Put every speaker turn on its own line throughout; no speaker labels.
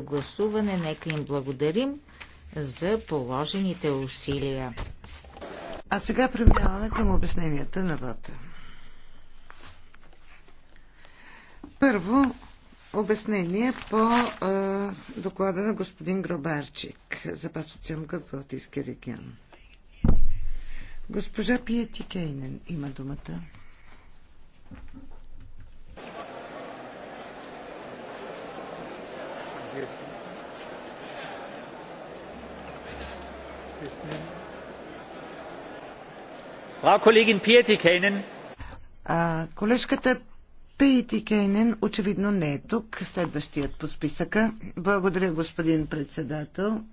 гласуване. Нека им благодарим за положените усилия. А сега преминаваме към обясненията на вата.
Първо, обяснение по а, доклада на господин Гробарчик за пасоционка в Балтийски регион. Госпожа Пиети Кейнен има думата. Frau Kollegin Pietikainen. А, колежката Пейти Кейнен очевидно не е тук. Следващият по списъка. Благодаря, господин председател.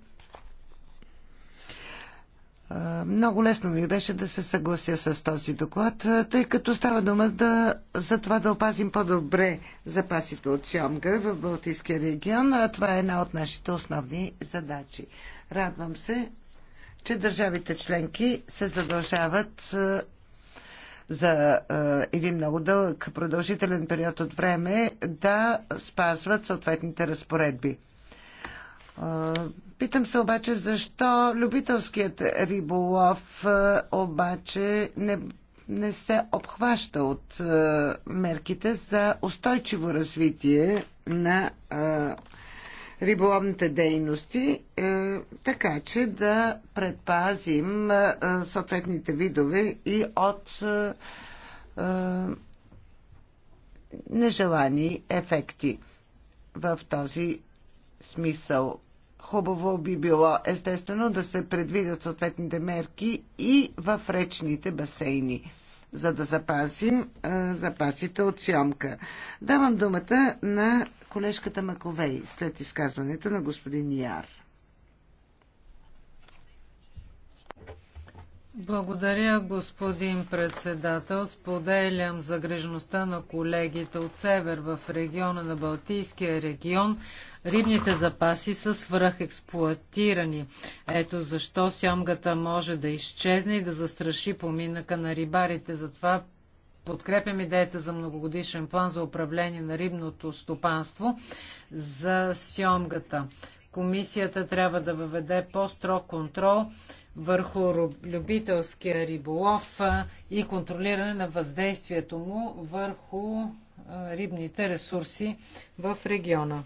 Много лесно ми беше да се съглася с този доклад, тъй като става дума да, за това да опазим по-добре запасите от Сьомга в Балтийския регион. А това е една от нашите основни задачи. Радвам се, че държавите членки се задължават за един много дълъг продължителен период от време да спазват съответните разпоредби Питам се обаче защо любителският риболов е, обаче не, не се обхваща от е, мерките за устойчиво развитие на е, риболовните дейности, така че да предпазим съответните видове и от нежелани ефекти в този смисъл. Хубаво би било, естествено, да се предвидят съответните мерки и в речните басейни, за да запазим а, запасите от сямка. Давам думата на колежката Маковей след изказването на господин Яр.
Благодаря, господин председател. Споделям загрежността на колегите от север в региона на Балтийския регион Рибните запаси са свръхексплуатирани. Ето защо сьомгата може да изчезне и да застраши поминъка на рибарите. Затова подкрепям идеята за многогодишен план за управление на рибното стопанство за сьомгата. Комисията трябва да въведе по-строг контрол върху любителския риболов и контролиране на въздействието му върху рибните ресурси в региона.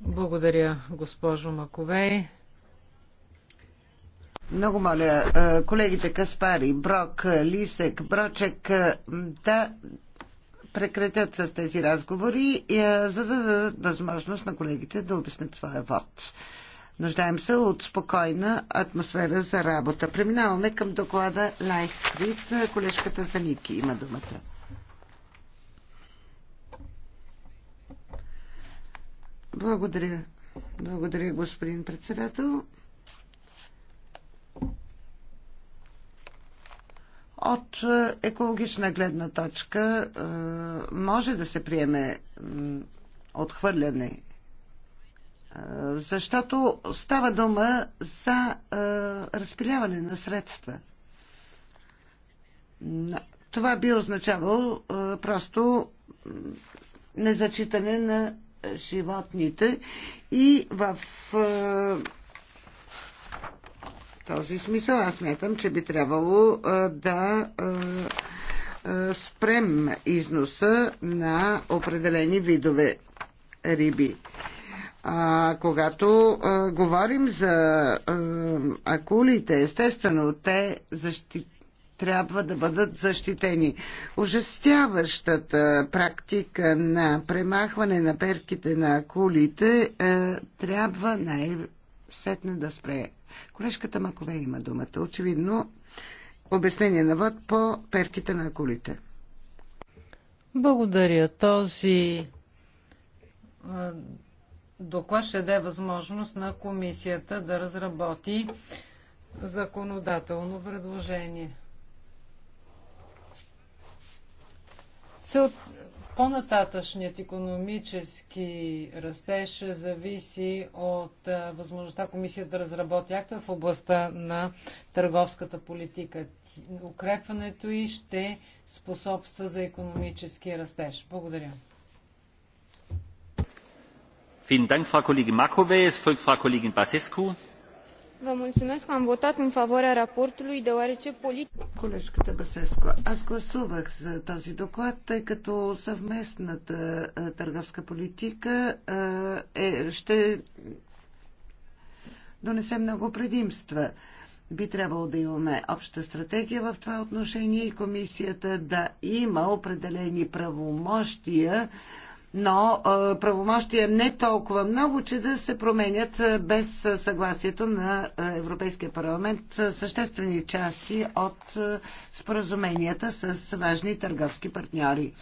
Благодаря, госпожо Маковей.
Много моля, е, колегите Каспари, Брок, е, Лисек, Брочек е, да прекратят с тези разговори, за да дадат възможност на колегите да обяснят своя вод. Нуждаем се от спокойна атмосфера за работа. Преминаваме към доклада Лайфрид. Колежката Заники има думата. Благодаря. Благодаря, господин председател. От е, екологична гледна точка е, може да се приеме отхвърляне, е, защото става дума за разпиляване на средства. Това би означавало просто незачитане на животните и в този смисъл аз смятам, че би трябвало да спрем износа на определени видове риби. А, когато е, говорим за е, акулите, естествено, те защитават трябва да бъдат защитени. Ужастяващата практика на премахване на перките на кулите е, трябва най-сетне да спре. Колежката Макове има думата. Очевидно, обяснение на вод по перките на кулите.
Благодаря. Този е, доклад ще даде възможност на комисията да разработи законодателно предложение. Цел... По-нататъчният економически растеж зависи от възможността комисията да разработи акта в областта на търговската политика. Укрепването и ще способства за економически растеж. Благодаря. Vielen Dank, Frau Kollegin Makowej. Es folgt Frau Kollegin Basescu
am votat în favoarea raportului deoarece Колежката аз гласувах за този доклад, тъй като съвместната търговска политика е, ще донесе много предимства. Би трябвало да имаме обща стратегия в това отношение и комисията да има определени правомощия но правомощия не толкова много, че да се променят без съгласието на Европейския парламент съществени части от споразуменията с важни търговски партньори.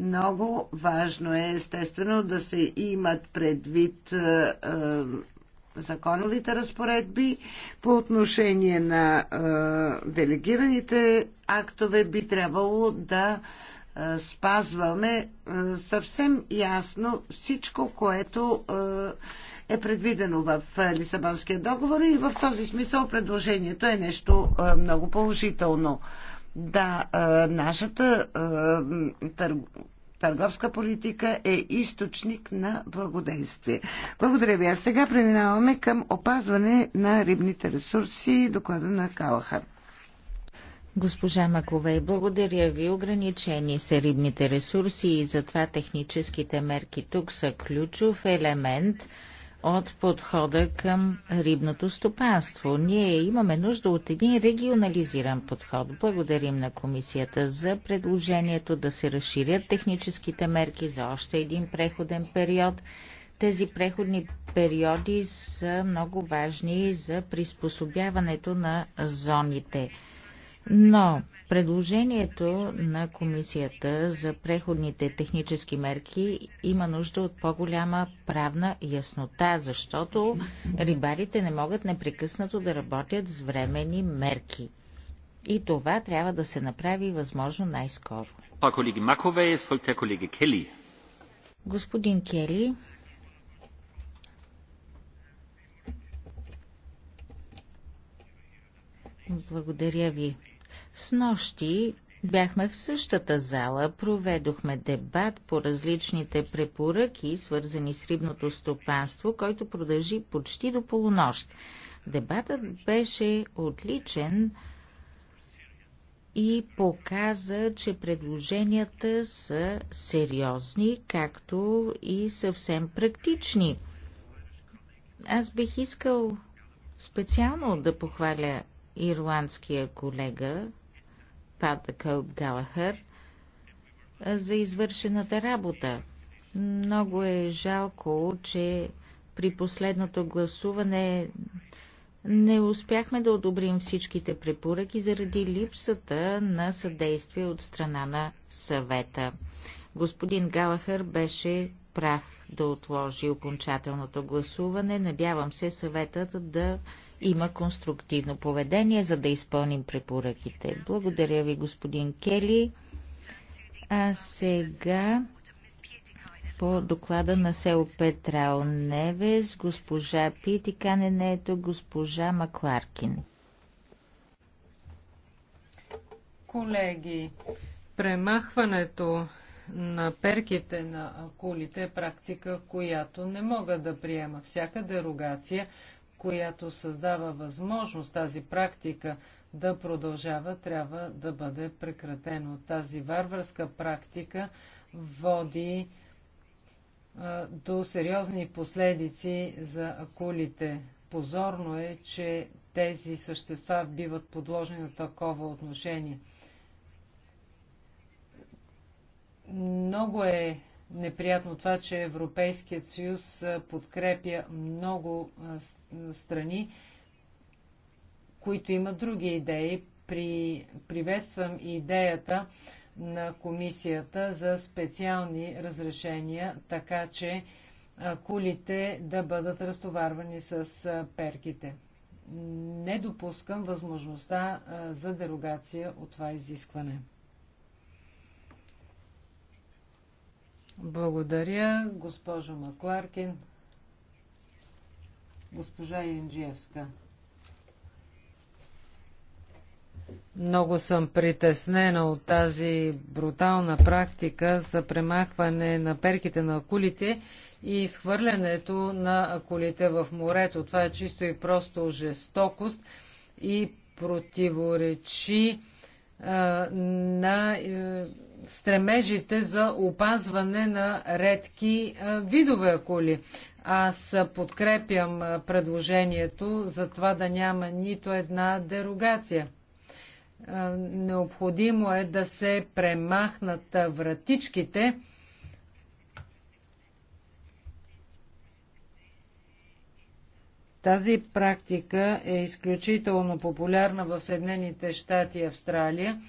Много важно е, естествено, да се имат предвид законовите разпоредби. По отношение на делегираните актове би трябвало да е, спазваме е, съвсем ясно всичко, което е, е предвидено в Лисабонския договор и в този смисъл предложението е нещо много положително. Да, нашата търговска политика е източник на благоденствие. Благодаря ви. А сега преминаваме към опазване на рибните ресурси
и доклада на Калахар. Госпожа Маковей, благодаря ви. Ограничени са рибните ресурси и затова техническите мерки тук са ключов елемент от подхода към рибното стопанство. Ние имаме нужда от един регионализиран подход. Благодарим на комисията за предложението да се разширят техническите мерки за още един преходен период. Тези преходни периоди са много важни за приспособяването на зоните – но предложението на комисията за преходните технически мерки има нужда от по-голяма правна яснота, защото рибарите не могат непрекъснато да работят с времени мерки. И това трябва да се направи възможно най-скоро. Господин Кели, благодаря ви. С нощи бяхме в същата зала, проведохме дебат по различните препоръки, свързани с рибното стопанство, който продължи почти до полунощ. Дебатът беше отличен и показа, че предложенията са сериозни, както и съвсем практични. Аз бих искал специално да похваля ирландския колега, Пат Кълб Галахър за извършената работа. Много е жалко, че при последното гласуване не успяхме да одобрим всичките препоръки заради липсата на съдействие от страна на съвета. Господин Галахър беше прав да отложи окончателното гласуване. Надявам се съветът да има конструктивно поведение, за да изпълним препоръките. Благодаря ви, господин Кели. А сега по доклада на село Петрал Невес, госпожа Питиканен е тук, госпожа Макларкин.
Колеги, премахването на перките на акулите е практика, която не мога да приема. Всяка дерогация която създава възможност тази практика да продължава, трябва да бъде прекратено. Тази варварска практика води а, до сериозни последици за акулите. Позорно е, че тези същества биват подложени на такова отношение. Много е неприятно това, че Европейският съюз подкрепя много страни, които имат други идеи. При... Приветствам идеята на комисията за специални разрешения, така че кулите да бъдат разтоварвани с перките. Не допускам възможността за дерогация от това изискване. Благодаря, госпожо Макларкин. Госпожа Янджиевска. Много съм притеснена от тази брутална практика за премахване на перките на акулите и изхвърлянето на акулите в морето. Това е чисто и просто жестокост и противоречи а, на. А, е, стремежите за опазване на редки видове коли. Аз подкрепям предложението за това да няма нито една дерогация. Необходимо е да се премахнат вратичките, Тази практика е изключително популярна в Съединените щати и Австралия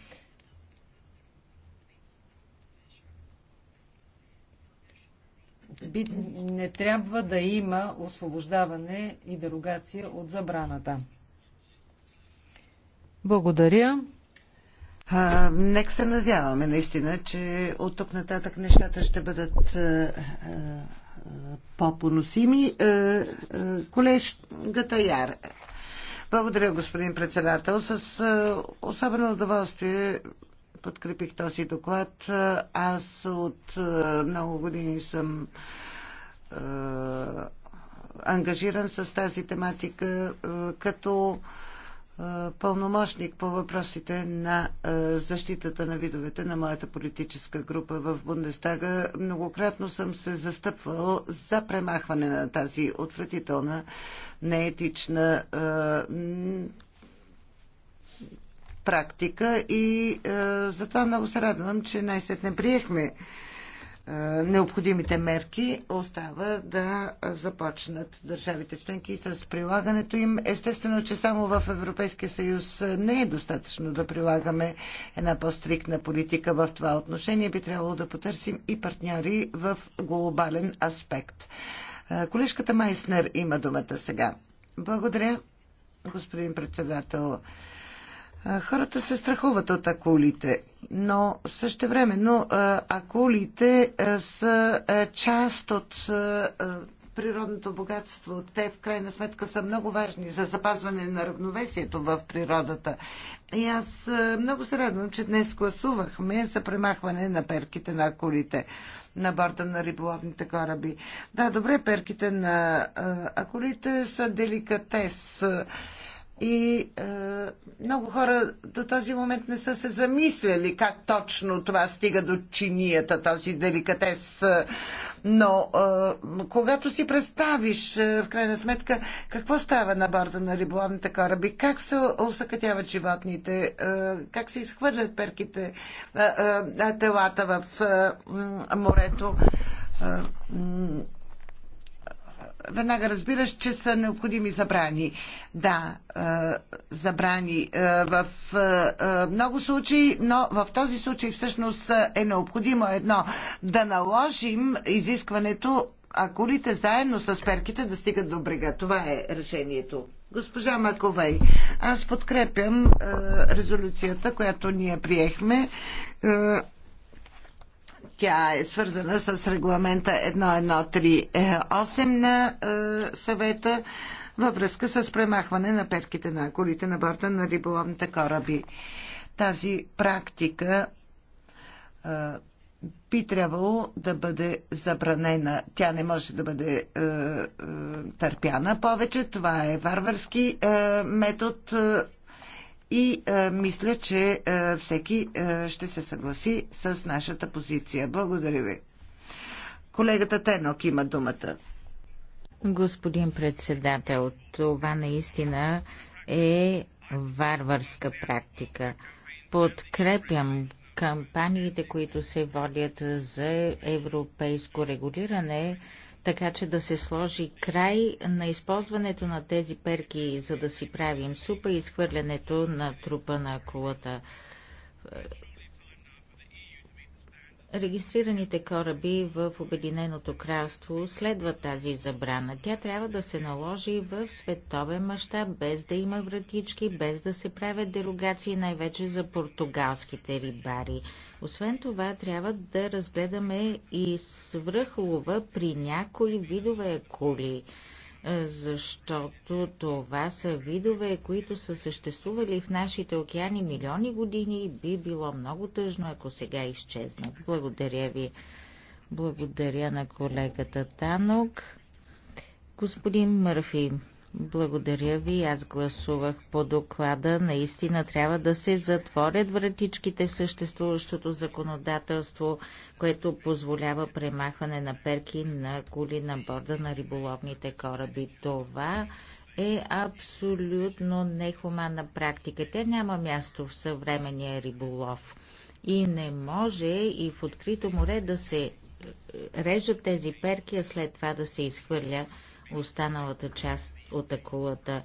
би, не трябва да има освобождаване и дерогация от забраната.
Благодаря. А, нека се надяваме наистина, че от тук нататък нещата ще бъдат по-поносими. Колежката Яр. Благодаря, господин председател. С особено удоволствие подкрепих този доклад. Аз от е, много години съм е, ангажиран с тази тематика е, като пълномощник по въпросите на защитата на видовете на моята политическа група в Бундестага. Многократно съм се застъпвал за премахване на тази отвратителна, неетична практика и е, затова много се радвам, че най-сетне приехме е, необходимите мерки. Остава да започнат държавите членки с прилагането им. Естествено, че само в Европейския съюз не е достатъчно да прилагаме една по-стрикна политика в това отношение. Би трябвало да потърсим и партньори в глобален аспект. Е, колежката Майснер има думата сега. Благодаря, господин председател. Хората се страхуват от акулите, но но акулите са част от природното богатство. Те в крайна сметка са много важни за запазване на равновесието в природата. И аз много се радвам, че днес гласувахме за премахване на перките на акулите на борта на риболовните кораби. Да, добре, перките на акулите са деликатес. И е, много хора до този момент не са се замисляли как точно това стига до чинията, този деликатес. Но е, когато си представиш, е, в крайна сметка, какво става на борда на риболовните кораби, как се усъкътяват животните, е, как се изхвърлят перките, е, е, е телата в е, морето. Е, веднага разбираш, че са необходими забрани. Да, е, забрани е, в е, много случаи, но в този случай всъщност е необходимо едно да наложим изискването, а колите заедно с перките да стигат до брега. Това е решението. Госпожа Маковей, аз подкрепям резолюцията, която ние приехме тя е свързана с регламента 1138 на е, съвета във връзка с премахване на перките на колите на борта на риболовните кораби. Тази практика е, би трябвало да бъде забранена. Тя не може да бъде е, е, търпяна повече. Това е варварски е, метод. Е, и а, е, мисля, че а, е, всеки а, е, ще се съгласи с нашата позиция. Благодаря ви. Колегата Тенок има думата.
Господин председател, това наистина е варварска практика. Подкрепям кампаниите, които се водят за европейско регулиране така че да се сложи край на използването на тези перки, за да си правим супа и изхвърлянето на трупа на кулата. Регистрираните кораби в Обединеното кралство следват тази забрана. Тя трябва да се наложи в световен мащаб, без да има вратички, без да се правят дерогации, най-вече за португалските рибари. Освен това, трябва да разгледаме и свръхлова при някои видове кули защото това са видове, които са съществували в нашите океани милиони години и би било много тъжно, ако сега изчезнат. Благодаря ви. Благодаря на колегата Танок. Господин Мърфи, благодаря ви. Аз гласувах по доклада. Наистина трябва да се затворят вратичките в съществуващото законодателство, което позволява премахване на перки на коли на борда на риболовните кораби. Това е абсолютно нехуманна практика. Тя няма място в съвременния риболов. И не може и в открито море да се е, е, режат тези перки, а след това да се изхвърля останалата част от акулата.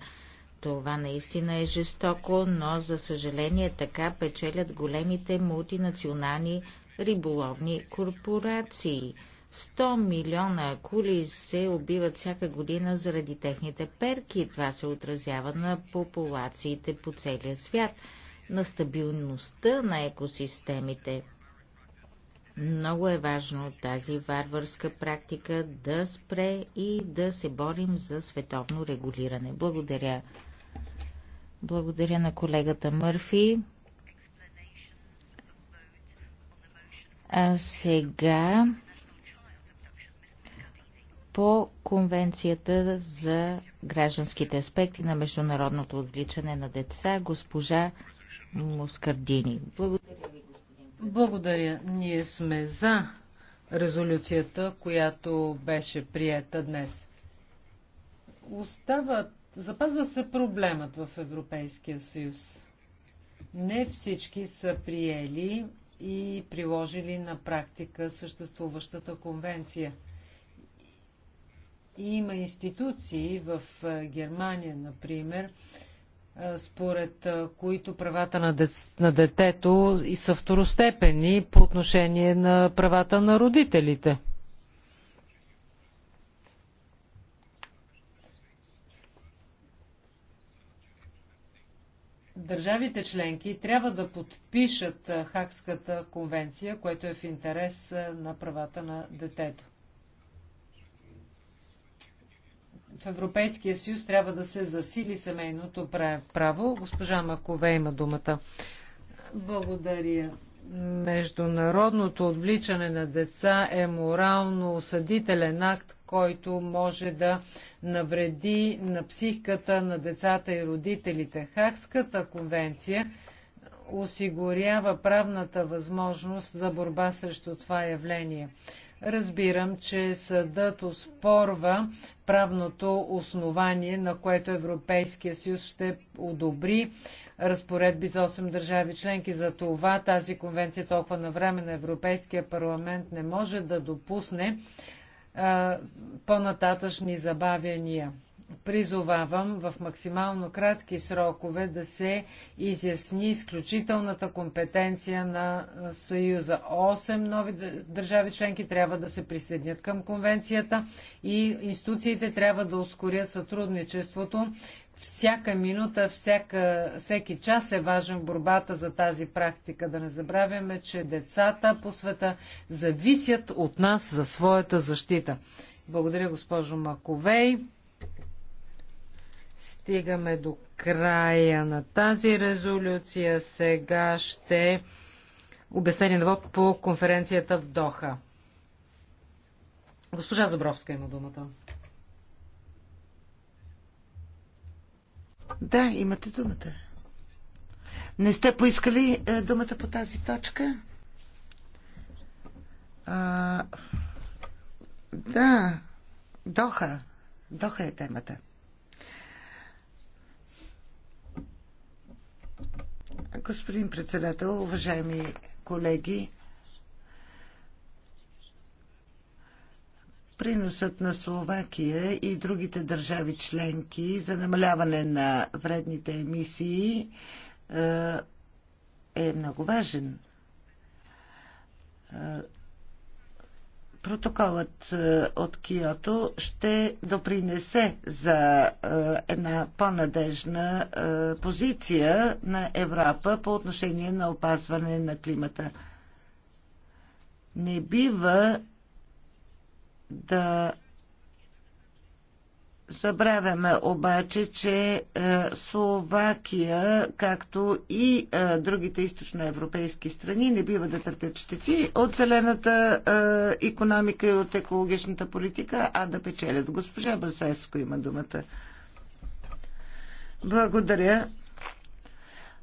Това наистина е жестоко, но за съжаление така печелят големите мултинационални риболовни корпорации. 100 милиона акули се убиват всяка година заради техните перки. Това се отразява на популациите по целия свят, на стабилността на екосистемите – много е важно тази варварска практика да спре и да се борим за световно регулиране. Благодаря. Благодаря на колегата Мърфи. А сега по Конвенцията за гражданските аспекти на международното отвличане на деца, госпожа Мускардини. Благодаря ви.
Благодаря. Ние сме за резолюцията, която беше приета днес. Остават, запазва се проблемът в Европейския съюз. Не всички са приели и приложили на практика съществуващата конвенция. Има институции в Германия, например, според които правата на, дет, на детето и са второстепени по отношение на правата на родителите. Държавите членки трябва да подпишат Хакската конвенция, което е в интерес на правата на детето. в Европейския съюз трябва да се засили семейното право. Госпожа Макове има думата. Благодаря. Международното отвличане на деца е морално осъдителен акт, който може да навреди на психиката на децата и родителите. Хакската конвенция осигурява правната възможност за борба срещу това явление. Разбирам, че съдът оспорва правното основание, на което Европейския съюз ще одобри разпоредби за 8 държави членки. За това тази конвенция толкова на време на Европейския парламент не може да допусне по-нататъчни забавяния призовавам в максимално кратки срокове да се изясни изключителната компетенция на Съюза. Осем нови държави членки трябва да се присъединят към конвенцията и институциите трябва да ускорят сътрудничеството. Всяка минута, всяка, всеки час е важен в борбата за тази практика. Да не забравяме, че децата по света зависят от нас за своята защита. Благодаря, госпожо Маковей. Стигаме до края на тази резолюция. Сега ще обяснение на вод по конференцията в Доха. Госпожа Забровска има думата.
Да, имате думата. Не сте поискали е, думата по тази точка? А, да, Доха. Доха е темата. Господин председател, уважаеми колеги, приносът на Словакия и другите държави членки за намаляване на вредните емисии е, е много важен. Протоколът е, от Киото ще допринесе за е, една по-надежна е, позиция на Европа по отношение на опазване на климата. Не бива да Забравяме обаче, че е, Словакия, както и е, другите източноевропейски страни, не бива да търпят щети от зелената економика и от екологичната политика, а да печелят. Госпожа Басеско има думата. Благодаря.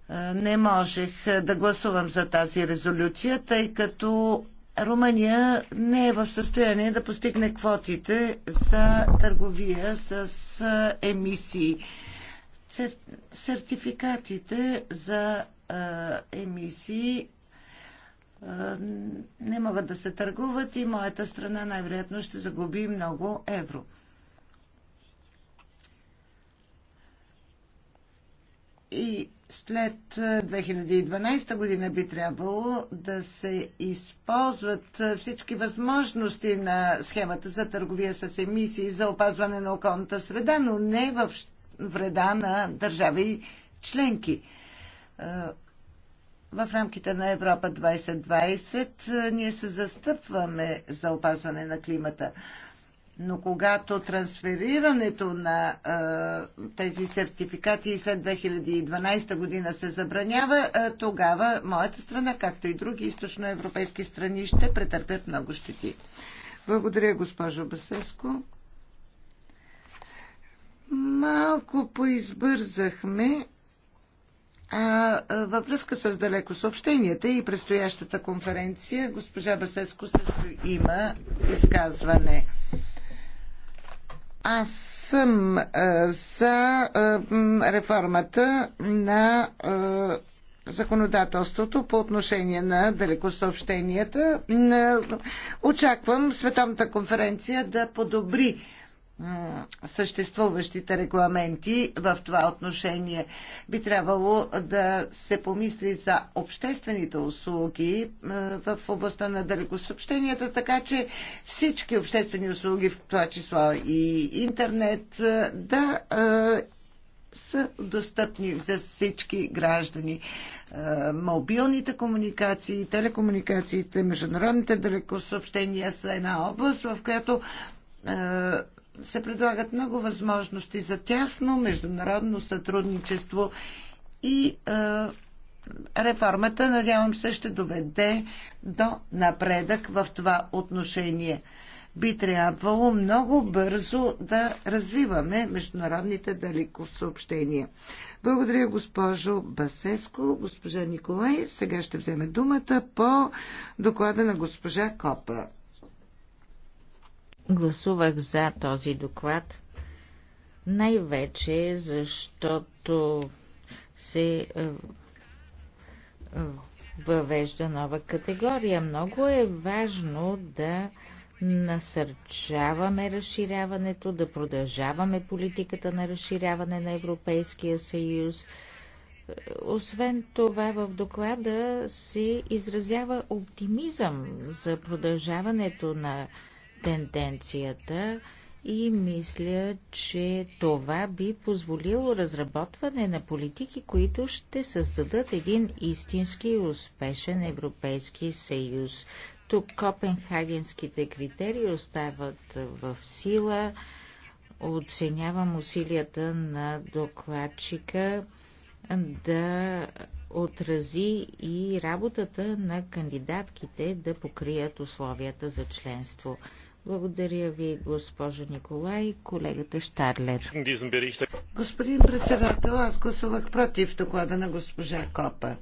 Е, не можех да гласувам за тази резолюция, тъй като Румъния не е в състояние да постигне квотите за търговия с емисии. Сертификатите за емисии не могат да се търгуват и моята страна най-вероятно ще загуби много евро. и след 2012 е, година би трябвало да се използват е, всички възможности на схемата за търговия с емисии за опазване на околната среда, но не в вреда на държави и членки. Е, в рамките на Европа 2020 ние се застъпваме за опазване на климата. Но когато трансферирането на а, тези сертификати след 2012 година се забранява, а, тогава моята страна, както и други източноевропейски страни, ще претърпят много щети. Благодаря, госпожо Басеско. Малко поизбързахме. А, във връзка с далеко съобщенията и предстоящата конференция, госпожа Басеско също има изказване. Аз съм за реформата на законодателството по отношение на далекосъобщенията. Очаквам Световната конференция да подобри съществуващите регламенти в това отношение. Би трябвало да се помисли за обществените услуги в областта на далекосъобщенията, така че всички обществени услуги, в това число и интернет, е, да е, са достъпни за всички граждани. Е, мобилните комуникации, телекомуникациите, международните далекосъобщения са една област, в която се предлагат много възможности за тясно международно сътрудничество и е, реформата, надявам се, ще доведе до напредък в това отношение. Би трябвало много бързо да развиваме международните далеко съобщения. Благодаря, госпожо Басеско. Госпожа Николай сега ще вземе думата по доклада
на госпожа Копа гласувах за този доклад, най-вече защото се е, въвежда нова категория. Много е важно да насърчаваме разширяването, да продължаваме политиката на разширяване на Европейския съюз. Освен това, в доклада се изразява оптимизъм за продължаването на тенденцията и мисля, че това би позволило разработване на политики, които ще създадат един истински успешен Европейски съюз. Тук копенхагенските критерии остават в сила. Оценявам усилията на докладчика да отрази и работата на кандидатките да покрият условията за членство. Благодаря ви, госпожо Николай, колегата Штарлер. Господин председател, аз гласувах против доклада
на госпожа Копа.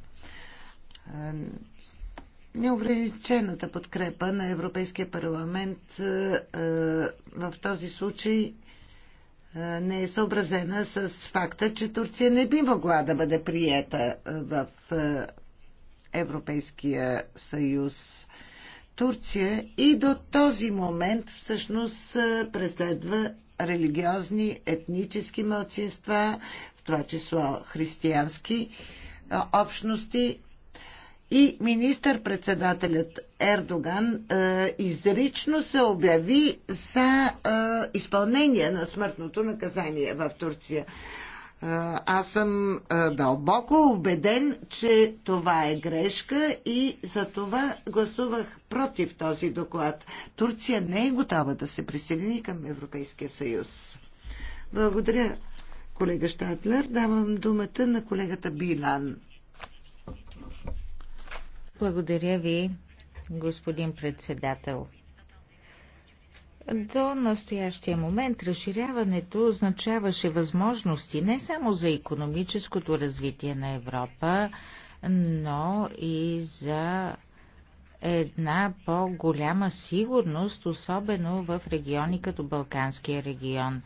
Неограничената подкрепа на Европейския парламент в този случай не е съобразена с факта, че Турция не би могла да бъде приета в Европейския съюз. Турция и до този момент всъщност преследва религиозни, етнически мълцинства, в това число християнски общности. И министър-председателят Ердоган е, изрично се обяви за е, изпълнение на смъртното наказание в Турция. Аз съм дълбоко убеден, че това е грешка и за това гласувах против този доклад. Турция не е готова да се присъедини към Европейския съюз. Благодаря, колега Штатлер. Давам думата на колегата
Билан. Благодаря ви, господин председател. До настоящия момент разширяването означаваше възможности не само за економическото развитие на Европа, но и за една по-голяма сигурност, особено в региони като Балканския регион.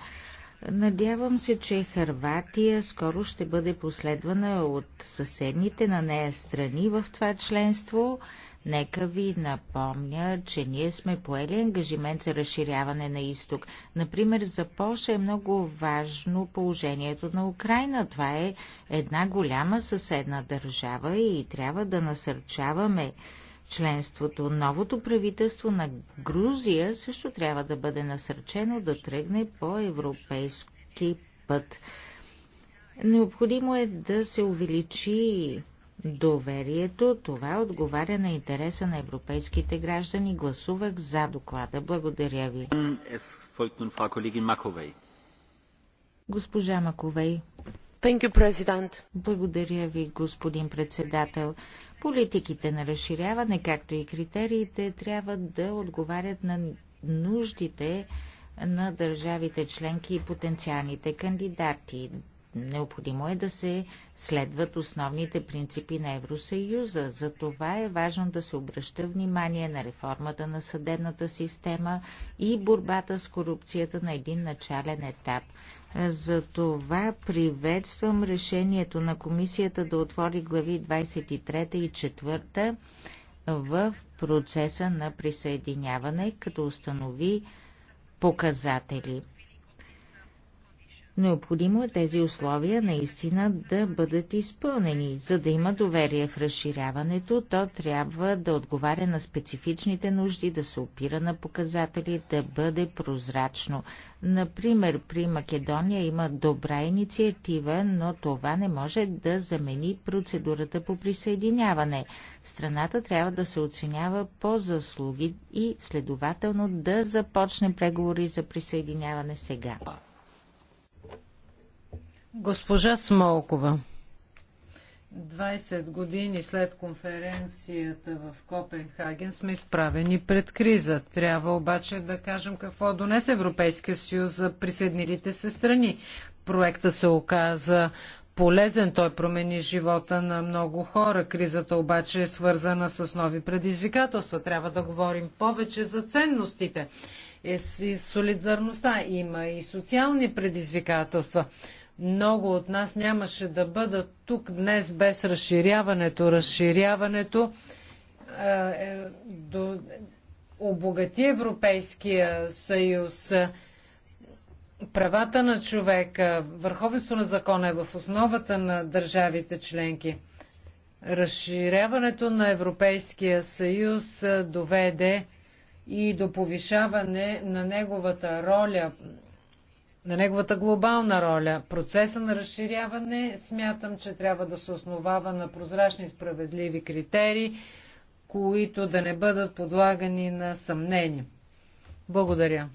Надявам се, че Харватия скоро ще бъде последвана от съседните на нея страни в това членство – Нека ви напомня, че ние сме поели ангажимент за разширяване на изток. Например, за Польша е много важно положението на Украина. Това е една голяма съседна държава и трябва да насърчаваме членството. Новото правителство на Грузия също трябва да бъде насърчено да тръгне по европейски път. Необходимо е да се увеличи доверието. Това отговаря на интереса на европейските граждани. Гласувах за доклада. Благодаря ви. Госпожа Маковей. You, Благодаря ви, господин председател. Политиките на разширяване, както и критериите, трябва да отговарят на нуждите на държавите членки и потенциалните кандидати. Необходимо е да се следват основните принципи на Евросъюза. За това е важно да се обръща внимание на реформата на съдебната система и борбата с корупцията на един начален етап. За това приветствам решението на комисията да отвори глави 23 и 4 в процеса на присъединяване, като установи показатели – Необходимо е тези условия наистина да бъдат изпълнени. За да има доверие в разширяването, то трябва да отговаря на специфичните нужди, да се опира на показатели, да бъде прозрачно. Например, при Македония има добра инициатива, но това не може да замени процедурата по присъединяване. Страната трябва да се оценява по заслуги и следователно да започне преговори за присъединяване сега.
Госпожа Смолкова. 20 години след конференцията в Копенхаген сме изправени пред криза. Трябва обаче да кажем какво донесе Европейския съюз за присъединилите се страни. Проекта се оказа полезен, той промени живота на много хора. Кризата обаче е свързана с нови предизвикателства. Трябва да говорим повече за ценностите и солидарността. Има и социални предизвикателства. Много от нас нямаше да бъдат тук днес без разширяването. Разширяването е, до, обогати Европейския съюз. Правата на човека, върховенство на закона е в основата на държавите членки. Разширяването на Европейския съюз доведе и до повишаване на неговата роля на неговата глобална роля. Процеса на разширяване смятам, че трябва да се основава на прозрачни и справедливи критерии, които да не бъдат подлагани на съмнение. Благодаря.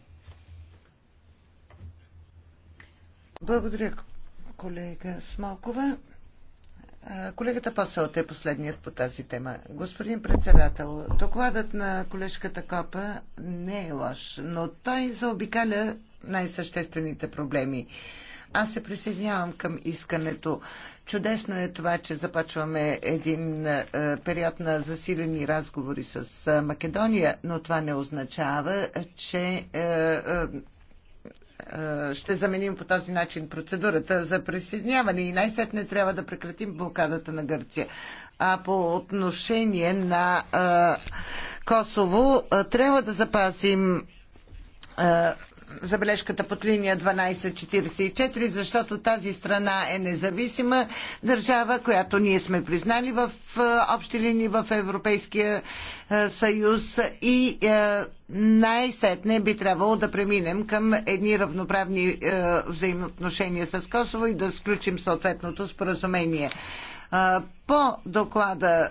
Благодаря, колега Смалкова. Колегата Посел е последният по тази тема. Господин председател, докладът на колежката Копа не е лош, но той заобикаля най-съществените проблеми. Аз се присъединявам към искането. Чудесно е това, че започваме един е, период на засилени разговори с е, Македония, но това не означава, че е, ще заменим по този начин процедурата за присъединяване и най-сетне трябва да прекратим блокадата на Гърция. А по отношение на Косово трябва да запазим забележката под линия 1244, защото тази страна е независима държава, която ние сме признали в е, общи линии в Европейския е, съюз и е, най-сетне би трябвало да преминем към едни равноправни взаимоотношения с Косово и да сключим съответното споразумение. По доклада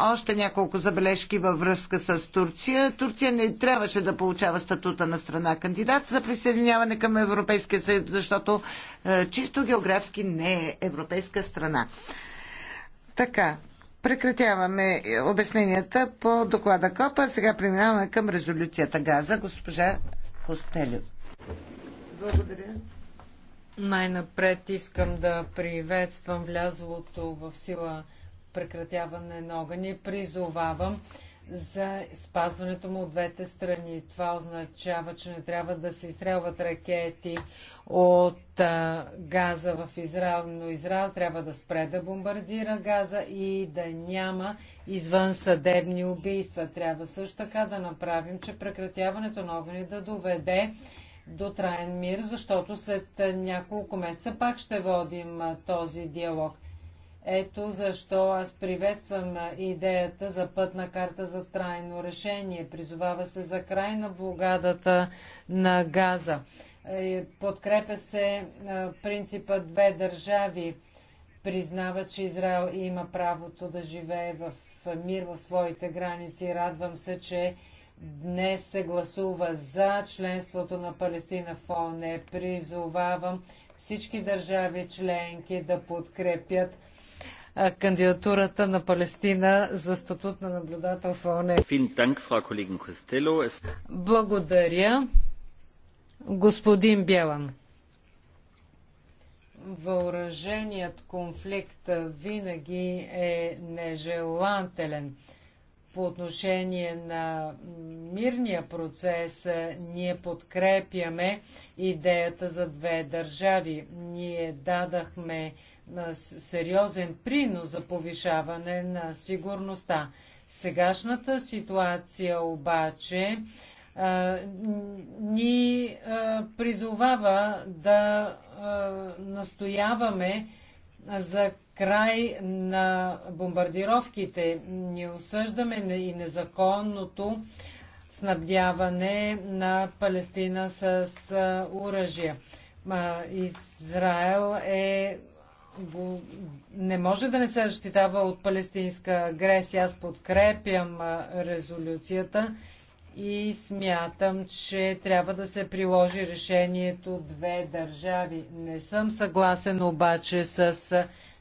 още няколко забележки във връзка с Турция. Турция не трябваше да получава статута на страна кандидат за присъединяване към Европейския съюз, защото е, чисто географски не е европейска страна. Така, прекратяваме обясненията по доклада КОПА. Сега преминаваме към резолюцията ГАЗа. Госпожа Костелю. Благодаря.
Най-напред искам да приветствам влязлото в сила прекратяване на огъня и призовавам за спазването му от двете страни. Това означава, че не трябва да се изстрелват ракети от а, газа в Израел, но Израел трябва да спре да бомбардира газа и да няма извън съдебни убийства. Трябва също така да направим, че прекратяването на огъня да доведе до траен мир, защото след няколко месеца пак ще водим а, този диалог. Ето защо аз приветствам идеята за пътна карта за трайно решение. Призовава се за край на блогадата на газа. Е, подкрепя се е, принципа две държави. Признава, че Израел има правото да живее в мир в своите граници. Радвам се, че днес се гласува за членството на Палестина в ООН. Призовавам всички държави членки да подкрепят кандидатурата на Палестина за статут на наблюдател в ООН. Благодаря. Господин Бялан. Въоръженият конфликт винаги е нежелателен по отношение на мирния процес е, ние подкрепяме идеята за две държави. Ние дадахме е, сериозен принос за повишаване на сигурността. Сегашната ситуация обаче е, ни призовава да настояваме за край на бомбардировките. Ни осъждаме и незаконното снабдяване на Палестина с оръжия. Израел е не може да не се защитава от палестинска агресия. Аз подкрепям резолюцията и смятам, че трябва да се приложи решението две държави. Не съм съгласен обаче с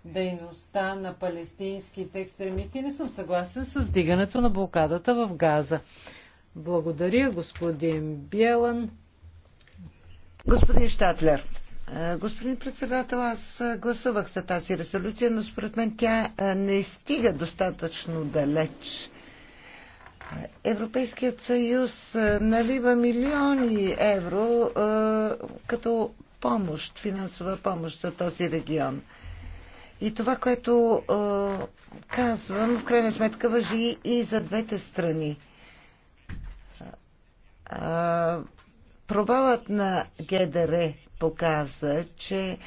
дейността на палестинските екстремисти. Не съм съгласен с дигането на блокадата
в Газа. Благодаря, господин Бялан. Господин Штатлер, господин председател, аз гласувах за тази резолюция, но според мен тя не стига достатъчно далеч Европейският съюз е, налива милиони евро е, като помощ, финансова помощ за този регион. И това, което е, казвам, в крайна сметка въжи и за двете страни. Е, провалът на ГДР показа, че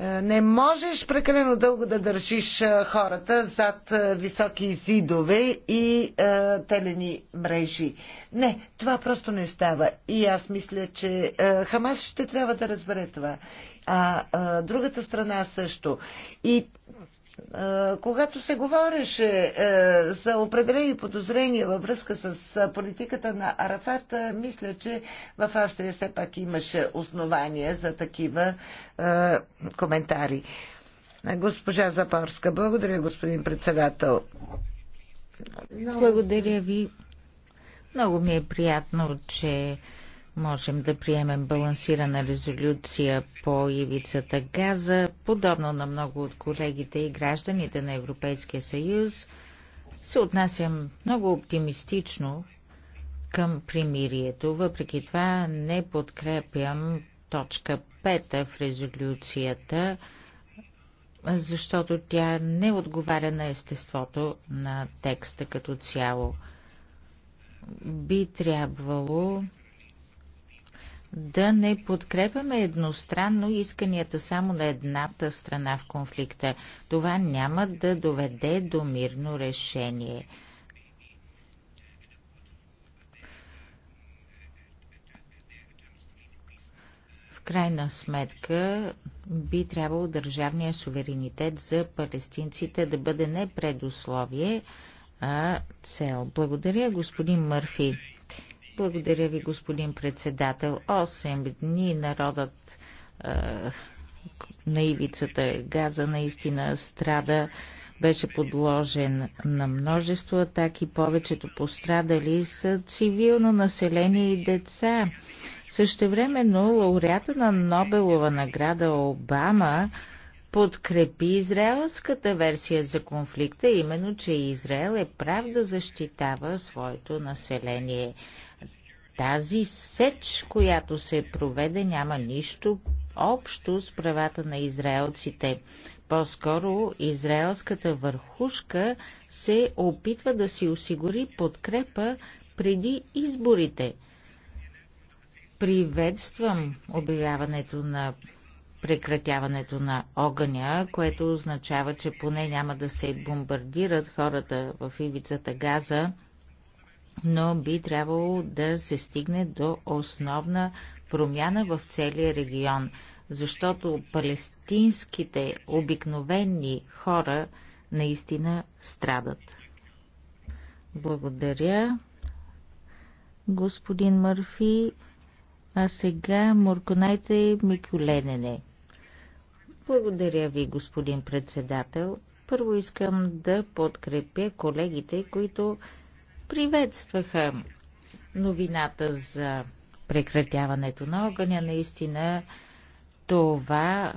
е, не можеш прекалено дълго да държиш е, хората зад е, високи зидове и е, телени мрежи. Не, това просто не става. И аз мисля, че е, Хамас ще трябва да разбере това. А е, другата страна също. И когато се говореше за определени подозрения във връзка с политиката на Арафат, мисля, че в Австрия все пак имаше основания за такива коментари. Госпожа Запорска, благодаря, господин председател.
Благодаря ви. Много ми е приятно, че можем да приемем балансирана резолюция по ивицата Газа, подобно на много от колегите и гражданите на Европейския съюз, се отнасям много оптимистично към примирието. Въпреки това не подкрепям точка 5 в резолюцията, защото тя не отговаря на естеството на текста като цяло. Би трябвало да не подкрепяме едностранно исканията само на едната страна в конфликта. Това няма да доведе до мирно решение. В крайна сметка би трябвало държавния суверенитет за палестинците да бъде не предусловие, а цел. Благодаря, господин Мърфи. Благодаря ви, господин председател. Осем дни народът на ивицата Газа наистина страда. Беше подложен на множество атаки. Повечето пострадали са цивилно население и деца. Същевременно лауреата на Нобелова награда Обама подкрепи израелската версия за конфликта, именно, че Израел е прав да защитава своето население тази сеч, която се проведе, няма нищо общо с правата на израелците. По-скоро израелската върхушка се опитва да си осигури подкрепа преди изборите. Приветствам обявяването на прекратяването на огъня, което означава, че поне няма да се бомбардират хората в ивицата Газа но би трябвало да се стигне до основна промяна в целия регион, защото палестинските обикновени хора наистина страдат. Благодаря, господин Мърфи. А сега Морконайте, Миколенене. Благодаря ви, господин председател. Първо искам да подкрепя колегите, които приветстваха новината за прекратяването на огъня. Наистина това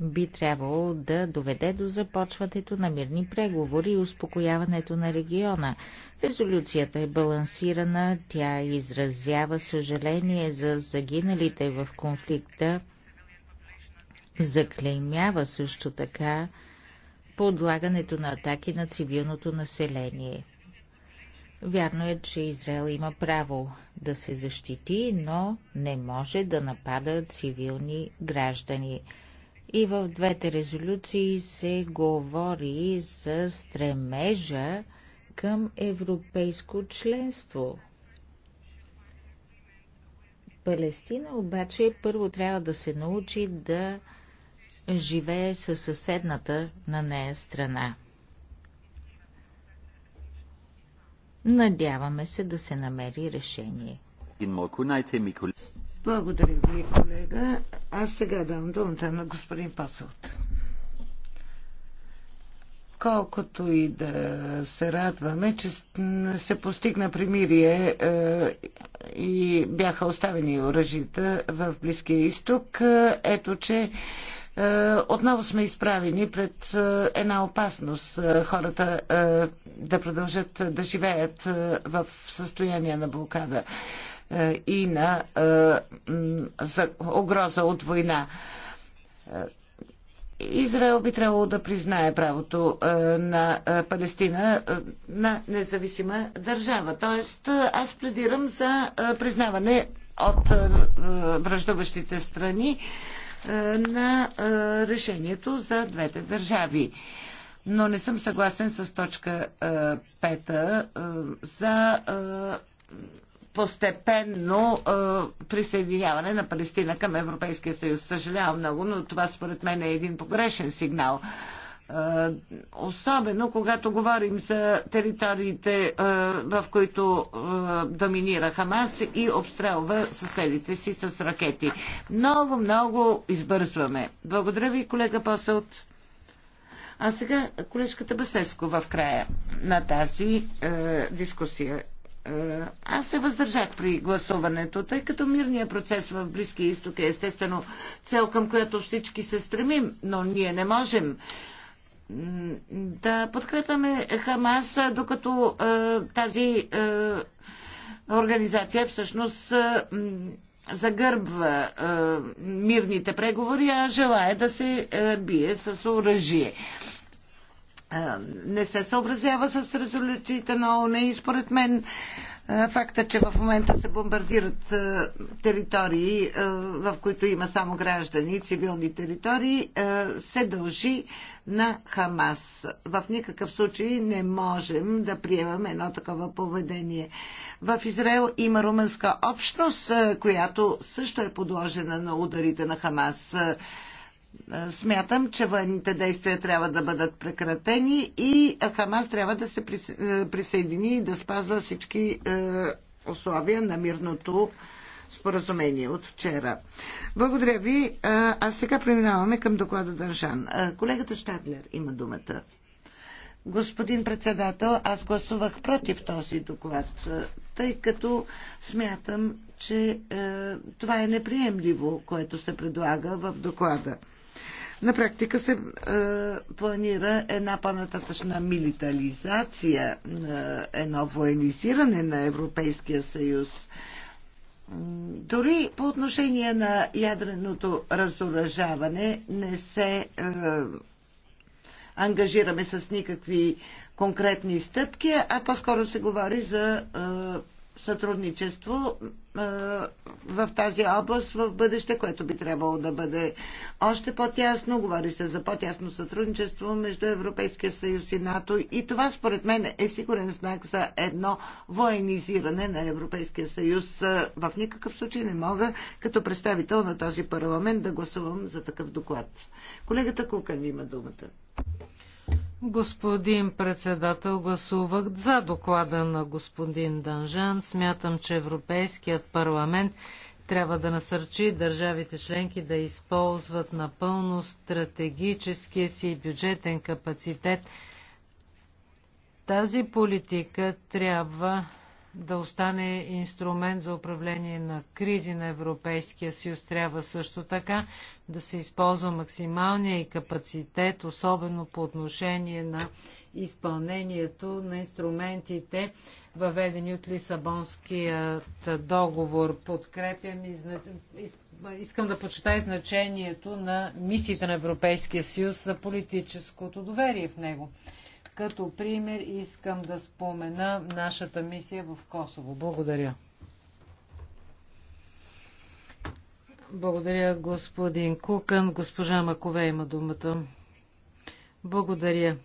би трябвало да доведе до започването на мирни преговори и успокояването на региона. Резолюцията е балансирана, тя изразява съжаление за загиналите в конфликта, заклеймява също така подлагането на атаки на цивилното население. Вярно е, че Израел има право да се защити, но не може да напада цивилни граждани. И в двете резолюции се говори за стремежа към европейско членство. Палестина обаче първо трябва да се научи да живее със съседната на нея страна. Надяваме се да се намери решение. Благодаря ви, колега. Аз сега дам думата на господин Пасовт.
Колкото и да се радваме, че се постигна примирие е, и бяха оставени оръжията в Близкия изток, е, ето че е, отново сме изправени пред е, една опасност е, хората да продължат да живеят в състояние на блокада и на угроза от война. Израел би трябвало да признае правото на Палестина на независима държава. Тоест, аз пледирам за признаване от връждуващите страни е, на е, решението за двете държави. Но не съм съгласен с точка 5 е, за постепенно присъединяване на Палестина към Европейския съюз. Съжалявам много, но това според мен е един погрешен сигнал. Особено когато говорим за териториите, в които доминира Хамас и обстрелва съседите си с ракети. Много, много избързваме. Благодаря ви, колега Посълт. А сега колежката Басеско в края на тази е, дискусия. Е, аз се въздържах при гласуването, тъй като мирният процес в Близкия изток е естествено цел, към която всички се стремим, но ние не можем да подкрепяме Хамас, докато е, тази е, организация всъщност е, загърбва мирните преговори, а желая да се бие с оръжие не се съобразява с резолюциите на ООН и според мен факта, че в момента се бомбардират територии, в които има само граждани, цивилни територии, се дължи на Хамас. В никакъв случай не можем да приемем едно такова поведение. В Израел има румънска общност, която също е подложена на ударите на Хамас. Е, смятам, че военните действия трябва да бъдат прекратени и Хамас трябва да се е, присъедини и да спазва всички е, условия на мирното споразумение от вчера. Благодаря ви. А сега преминаваме към доклада Държан. Колегата Штадлер има думата. Господин председател, аз гласувах против този доклад, тъй като смятам, че е, това е неприемливо, което се предлага в доклада. На практика се е, планира една по-нататъчна милитализация, е, едно военизиране на Европейския съюз. Дори по отношение на ядреното разоръжаване не се е, ангажираме с никакви конкретни стъпки, а по-скоро се говори за е, сътрудничество в тази област в бъдеще, което би трябвало да бъде още по-тясно. Говори се за по-тясно сътрудничество между Европейския съюз и НАТО и това според мен е сигурен знак за едно военизиране на Европейския съюз. В никакъв случай не мога като представител на този парламент да гласувам за такъв доклад. Колегата Кукан има думата.
Господин председател, гласувах за доклада на господин Данжан. Смятам, че Европейският парламент трябва да насърчи държавите членки да използват напълно стратегическия си бюджетен капацитет. Тази политика трябва да остане инструмент за управление на кризи на Европейския съюз. Трябва също така да се използва максималния и капацитет, особено по отношение на изпълнението на инструментите, въведени от Лисабонският договор. Подкрепям и искам да почитай значението на мисията на Европейския съюз за политическото доверие в него. Като пример искам да спомена нашата мисия в Косово. Благодаря. Благодаря, господин Кукан. Госпожа Макове има думата. Благодаря.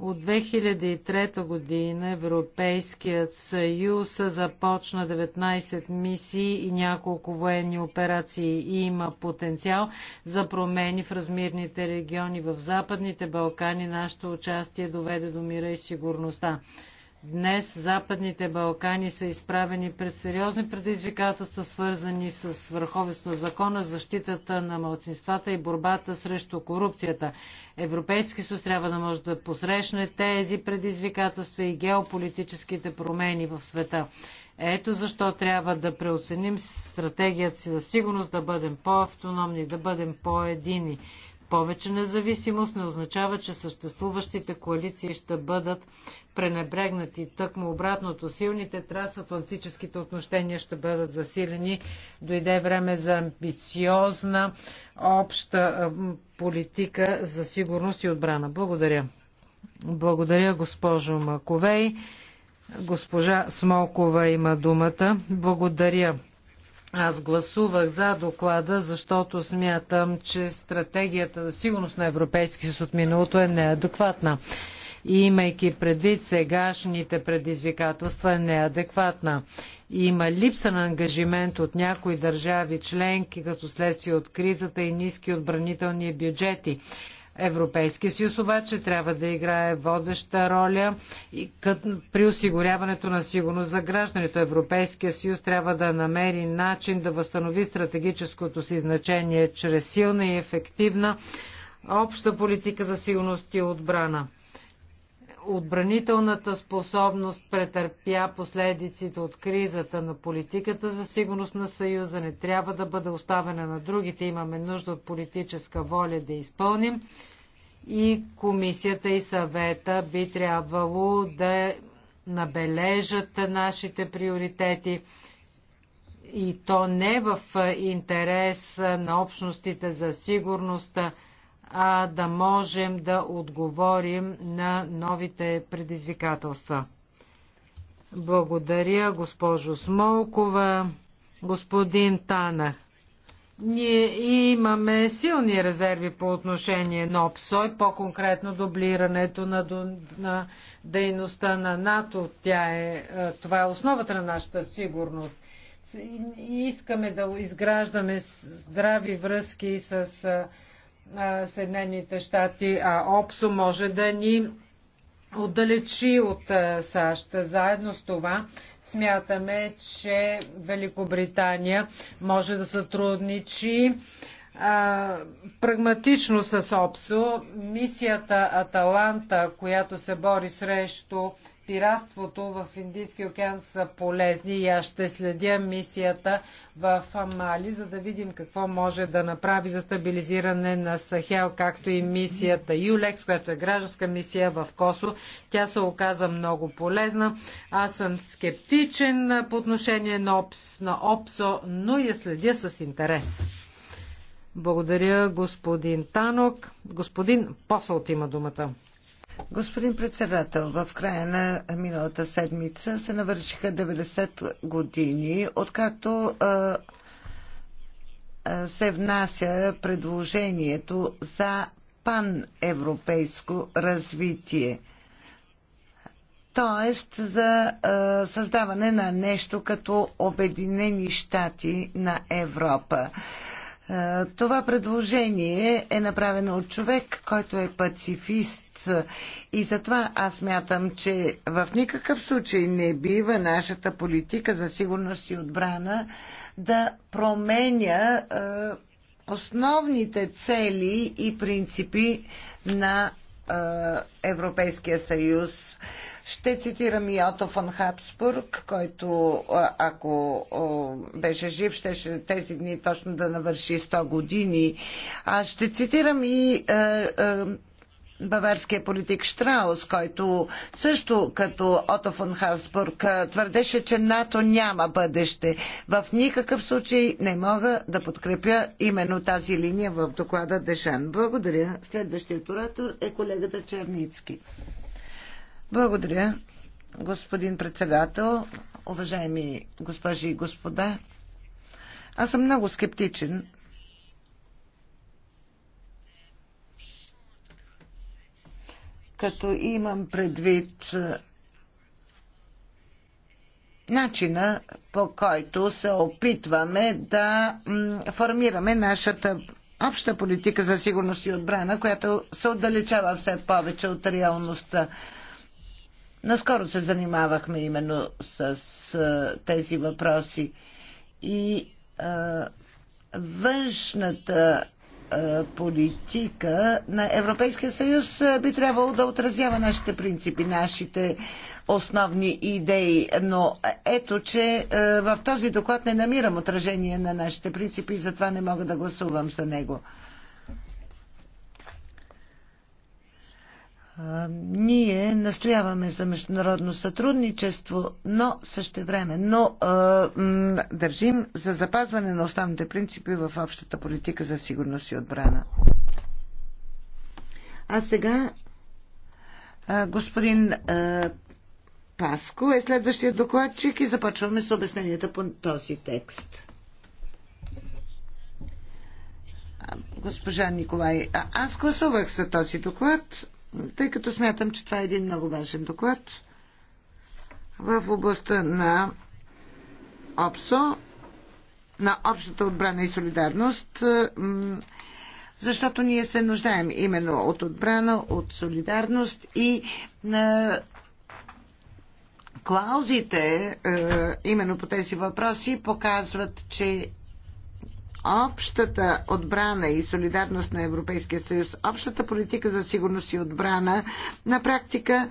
От 2003 година Европейският съюз започна 19 мисии и няколко военни операции и има потенциал за промени в размирните региони в Западните Балкани. Нашето участие доведе до мира и сигурността. Днес Западните Балкани са изправени пред сериозни предизвикателства, свързани с върховенство на закона, защитата на младсинствата и борбата срещу корупцията. Европейски съюз трябва да може да посрещне тези предизвикателства и геополитическите промени в света. Ето защо трябва да преоценим стратегията си за сигурност, да бъдем по-автономни, да бъдем по-едини. Повече независимост не означава, че съществуващите коалиции ще бъдат пренебрегнати. Тъкмо обратното, силните трансатлантическите отношения ще бъдат засилени. Дойде време за амбициозна обща политика за сигурност и отбрана. Благодаря. Благодаря, госпожо Маковей. Госпожа Смолкова има думата. Благодаря. Аз гласувах за доклада, защото смятам, че стратегията за сигурност на Европейски съюз от миналото е неадекватна. И имайки предвид сегашните предизвикателства е неадекватна. Има липса на ангажимент от някои държави членки като следствие от кризата и ниски отбранителни бюджети Европейския съюз обаче трябва да играе водеща роля и кът, при осигуряването на сигурност за гражданите. Европейския съюз трябва да намери начин да възстанови стратегическото си значение чрез силна и ефективна обща политика за сигурност и отбрана отбранителната способност претърпя последиците от кризата на политиката за сигурност на Съюза, не трябва да бъде оставена на другите. Имаме нужда от политическа воля да изпълним и комисията и съвета би трябвало да набележат нашите приоритети и то не в интерес на общностите за сигурността, а да можем да отговорим на новите предизвикателства. Благодаря, госпожо Смолкова. Господин Танах, ние имаме силни резерви по отношение на ОПСОЙ, по-конкретно дублирането на, на дейността на НАТО. Тя е, е, това е основата на нашата сигурност. И искаме да изграждаме здрави връзки с е, Съединените щати, а ОПСО може да ни отдалечи от САЩ. Заедно с това смятаме, че Великобритания може да сътрудничи а, прагматично с ОПСО. Мисията Аталанта, която се бори срещу пиратството в Индийския океан са полезни и аз ще следя мисията в Мали, за да видим какво може да направи за стабилизиране на Сахел, както и мисията ЮЛЕКС, която е гражданска мисия в Косо. Тя се оказа много полезна. Аз съм скептичен по отношение на, ОПС, на ОПСО, но я следя с интерес. Благодаря, господин Танок. Господин Посълт има думата.
Господин председател, в края на миналата седмица се навършиха 90 години, откакто а, а, се внася предложението за паневропейско развитие. Тоест за а, създаване на нещо като Обединени щати на Европа. А, е, това предложение е направено от човек, който е пацифист и затова аз мятам, че в никакъв случай не бива нашата политика за сигурност и отбрана да променя е, основните цели и принципи на е, Европейския съюз. Ще цитирам и Ото фон Хабсбург, който ако беше жив, щеше тези дни точно да навърши 100 години. А ще цитирам и баварския политик Штраус, който също като Ото фон Хасбург твърдеше, че НАТО няма бъдеще. В никакъв случай не мога да подкрепя именно тази линия в доклада Дешан. Благодаря. Следващият оратор е колегата Черницки. Благодаря, господин председател, уважаеми госпожи и господа. Аз съм много скептичен като имам предвид е, начина по който се опитваме да формираме нашата обща политика за сигурност и отбрана, която се отдалечава все повече от реалността. Наскоро се занимавахме именно с тези въпроси и външната политика на Европейския съюз би трябвало да отразява нашите принципи, нашите основни идеи. Но ето, че в този доклад не намирам отражение на нашите принципи и затова не мога да гласувам за него. ние настояваме за международно сътрудничество, но същевременно държим за запазване на основните принципи в общата политика за сигурност и отбрана. А сега господин Паско е следващия докладчик и започваме с обясненията по този текст. Госпожа Николай, аз гласувах за този доклад тъй като смятам, че това е един много важен доклад в областта на ОПСО, на общата отбрана и солидарност, защото ние се нуждаем именно от отбрана, от солидарност и на е, клаузите е, именно по тези въпроси показват, че общата отбрана и солидарност на Европейския съюз, общата политика за сигурност и отбрана, на практика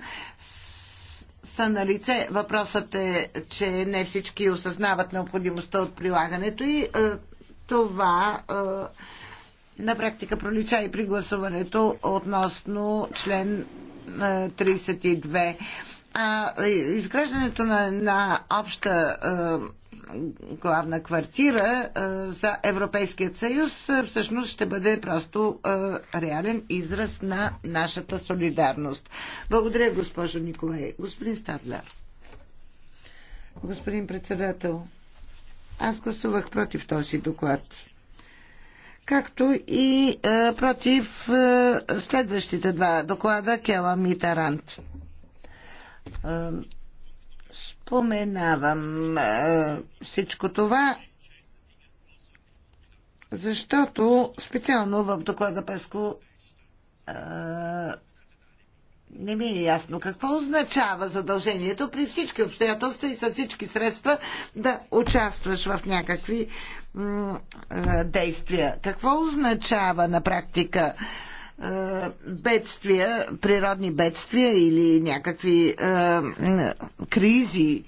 са на лице. Въпросът е, че не всички осъзнават необходимостта от прилагането и е, това е, на практика пролича и при гласуването относно член е, 32. А е, изграждането на, на обща е, главна квартира за Европейският съюз всъщност ще бъде просто реален израз на нашата солидарност. Благодаря, госпожо Николай. Господин Стадлер. Господин председател, аз гласувах против този доклад както и против следващите два доклада Келам и Тарант споменавам е, всичко това, защото специално в доклада Песко е, не ми е ясно какво означава задължението при всички обстоятелства и със всички средства да участваш в някакви е, действия. Какво означава на практика? бедствия, природни бедствия или някакви кризи,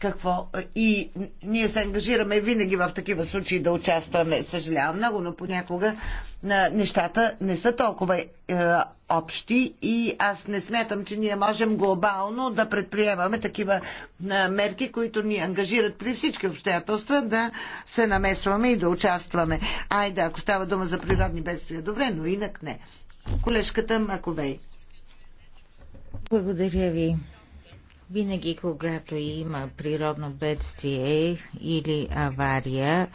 какво. Е, и ние се ангажираме винаги в такива случаи да участваме. Съжалявам много, но понякога нещата не са толкова е, общи и аз не смятам, че ние можем глобално да предприемаме такива е, мерки, които ни ангажират при всички обстоятелства да се намесваме и да участваме. Айде, ако става дума за природни бедствия, добре, но инак не. Колежката Маковей.
Благодаря ви. Винаги, когато има природно бедствие или авария,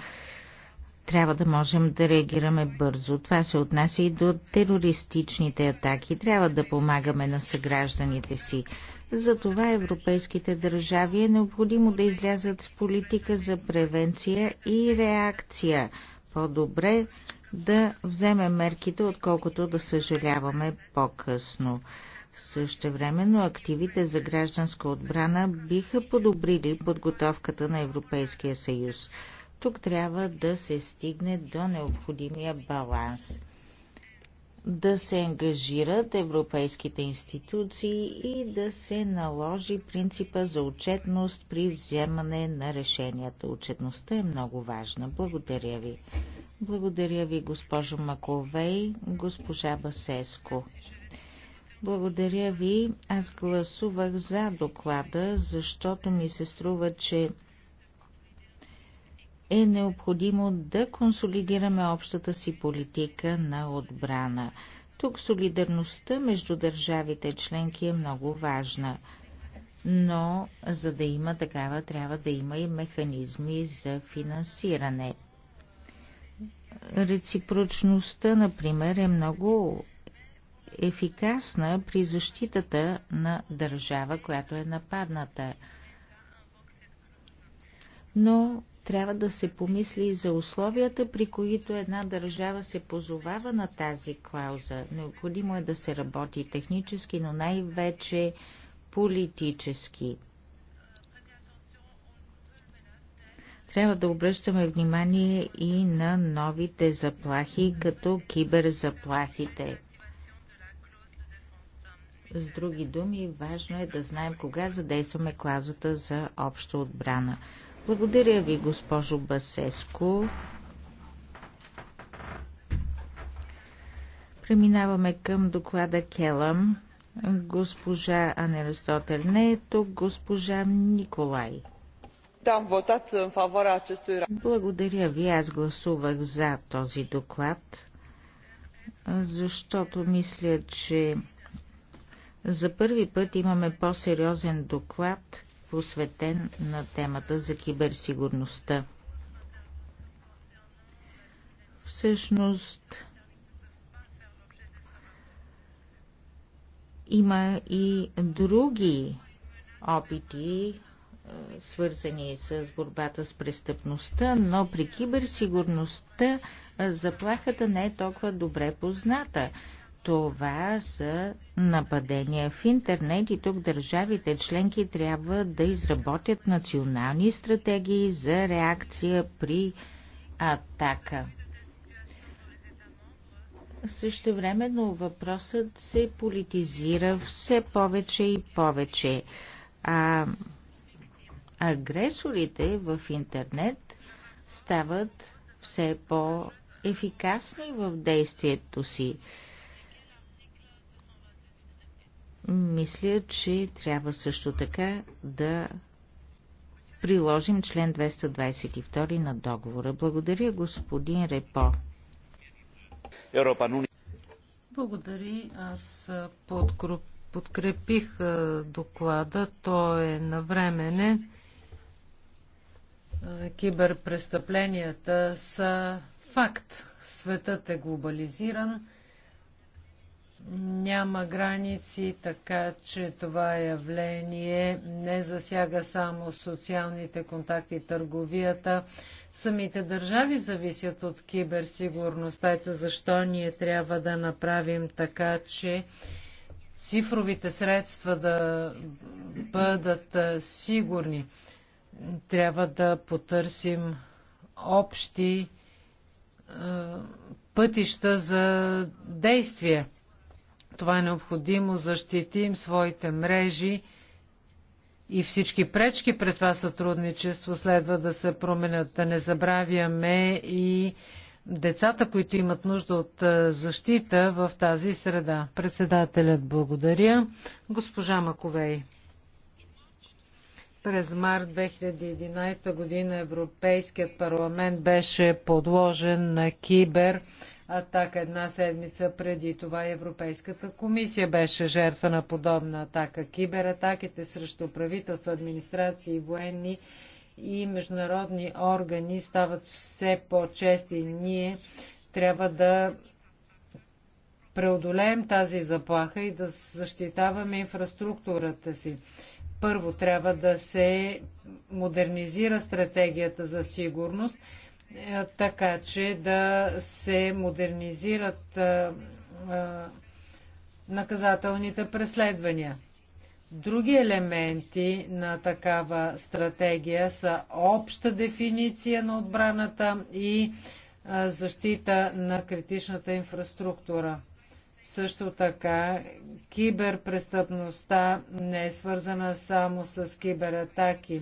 трябва да можем да реагираме бързо. Това се отнася и до терористичните атаки. Трябва да помагаме на съгражданите си. Затова европейските държави е необходимо да излязат с политика за превенция и реакция. По-добре да вземем мерките, отколкото да съжаляваме по-късно. Същевременно активите за гражданска отбрана биха подобрили подготовката на Европейския съюз. Тук трябва да се стигне до необходимия баланс. Да се ангажират европейските институции и да се наложи принципа за отчетност при вземане на решенията. Отчетността е много важна. Благодаря ви. Благодаря ви, госпожо Маковей, госпожа Басеско. Благодаря ви. Аз гласувах за доклада, защото ми се струва, че е необходимо да консолидираме общата си политика на отбрана. Тук солидарността между държавите членки е много важна, но за да има такава, трябва да има и механизми за финансиране. Реципрочността, например, е много ефикасна при защитата на държава, която е нападната. Но трябва да се помисли и за условията, при които една държава се позовава на тази клауза. Необходимо е да се работи технически, но най-вече политически. Трябва да обръщаме внимание и на новите заплахи, като киберзаплахите. С други думи, важно е да знаем кога задействаме клаузата за обща отбрана. Благодаря ви, госпожо Басеско. Преминаваме към доклада Келъм. Госпожа Анеростотер не е тук, госпожа Николай. acestui Благодаря ви, аз гласувах за този доклад, защото мисля, че за първи път имаме по-сериозен доклад, посветен на темата за киберсигурността. Всъщност, има и други опити, е, свързани с борбата с престъпността, но при киберсигурността е, заплахата не е толкова добре позната това са нападения в интернет и тук държавите членки трябва да изработят национални стратегии за реакция при атака. Също времено въпросът се политизира все повече и повече. А агресорите в интернет стават все по-ефикасни в действието си. Мисля, че трябва също така да приложим член 222 на договора. Благодаря, господин Репо.
Благодаря. Аз подкрепих доклада. Той е навремене. Киберпрестъпленията са факт. Светът е глобализиран няма граници, така че това явление не засяга само социалните контакти и търговията. Самите държави зависят от киберсигурността. Ето защо ние трябва да направим така, че цифровите средства да бъдат сигурни. Трябва да потърсим общи пътища за действие това е необходимо, защитим своите мрежи и всички пречки пред това сътрудничество следва да се променят. Да не забравяме и децата, които имат нужда от защита в тази среда. Председателят благодаря. Госпожа Маковей. През март 2011 година Европейският парламент беше подложен на кибер атака една седмица преди това Европейската комисия беше жертва на подобна атака. Кибератаките срещу правителства, администрации, военни и международни органи стават все по-чести. Ние трябва да преодолеем тази заплаха и да защитаваме инфраструктурата си. Първо трябва да се модернизира стратегията за сигурност – е, така че да се модернизират е, е, наказателните преследвания. Други елементи на такава стратегия са обща дефиниция на отбраната и защита на критичната инфраструктура. Също така, киберпрестъпността не е свързана само с кибератаки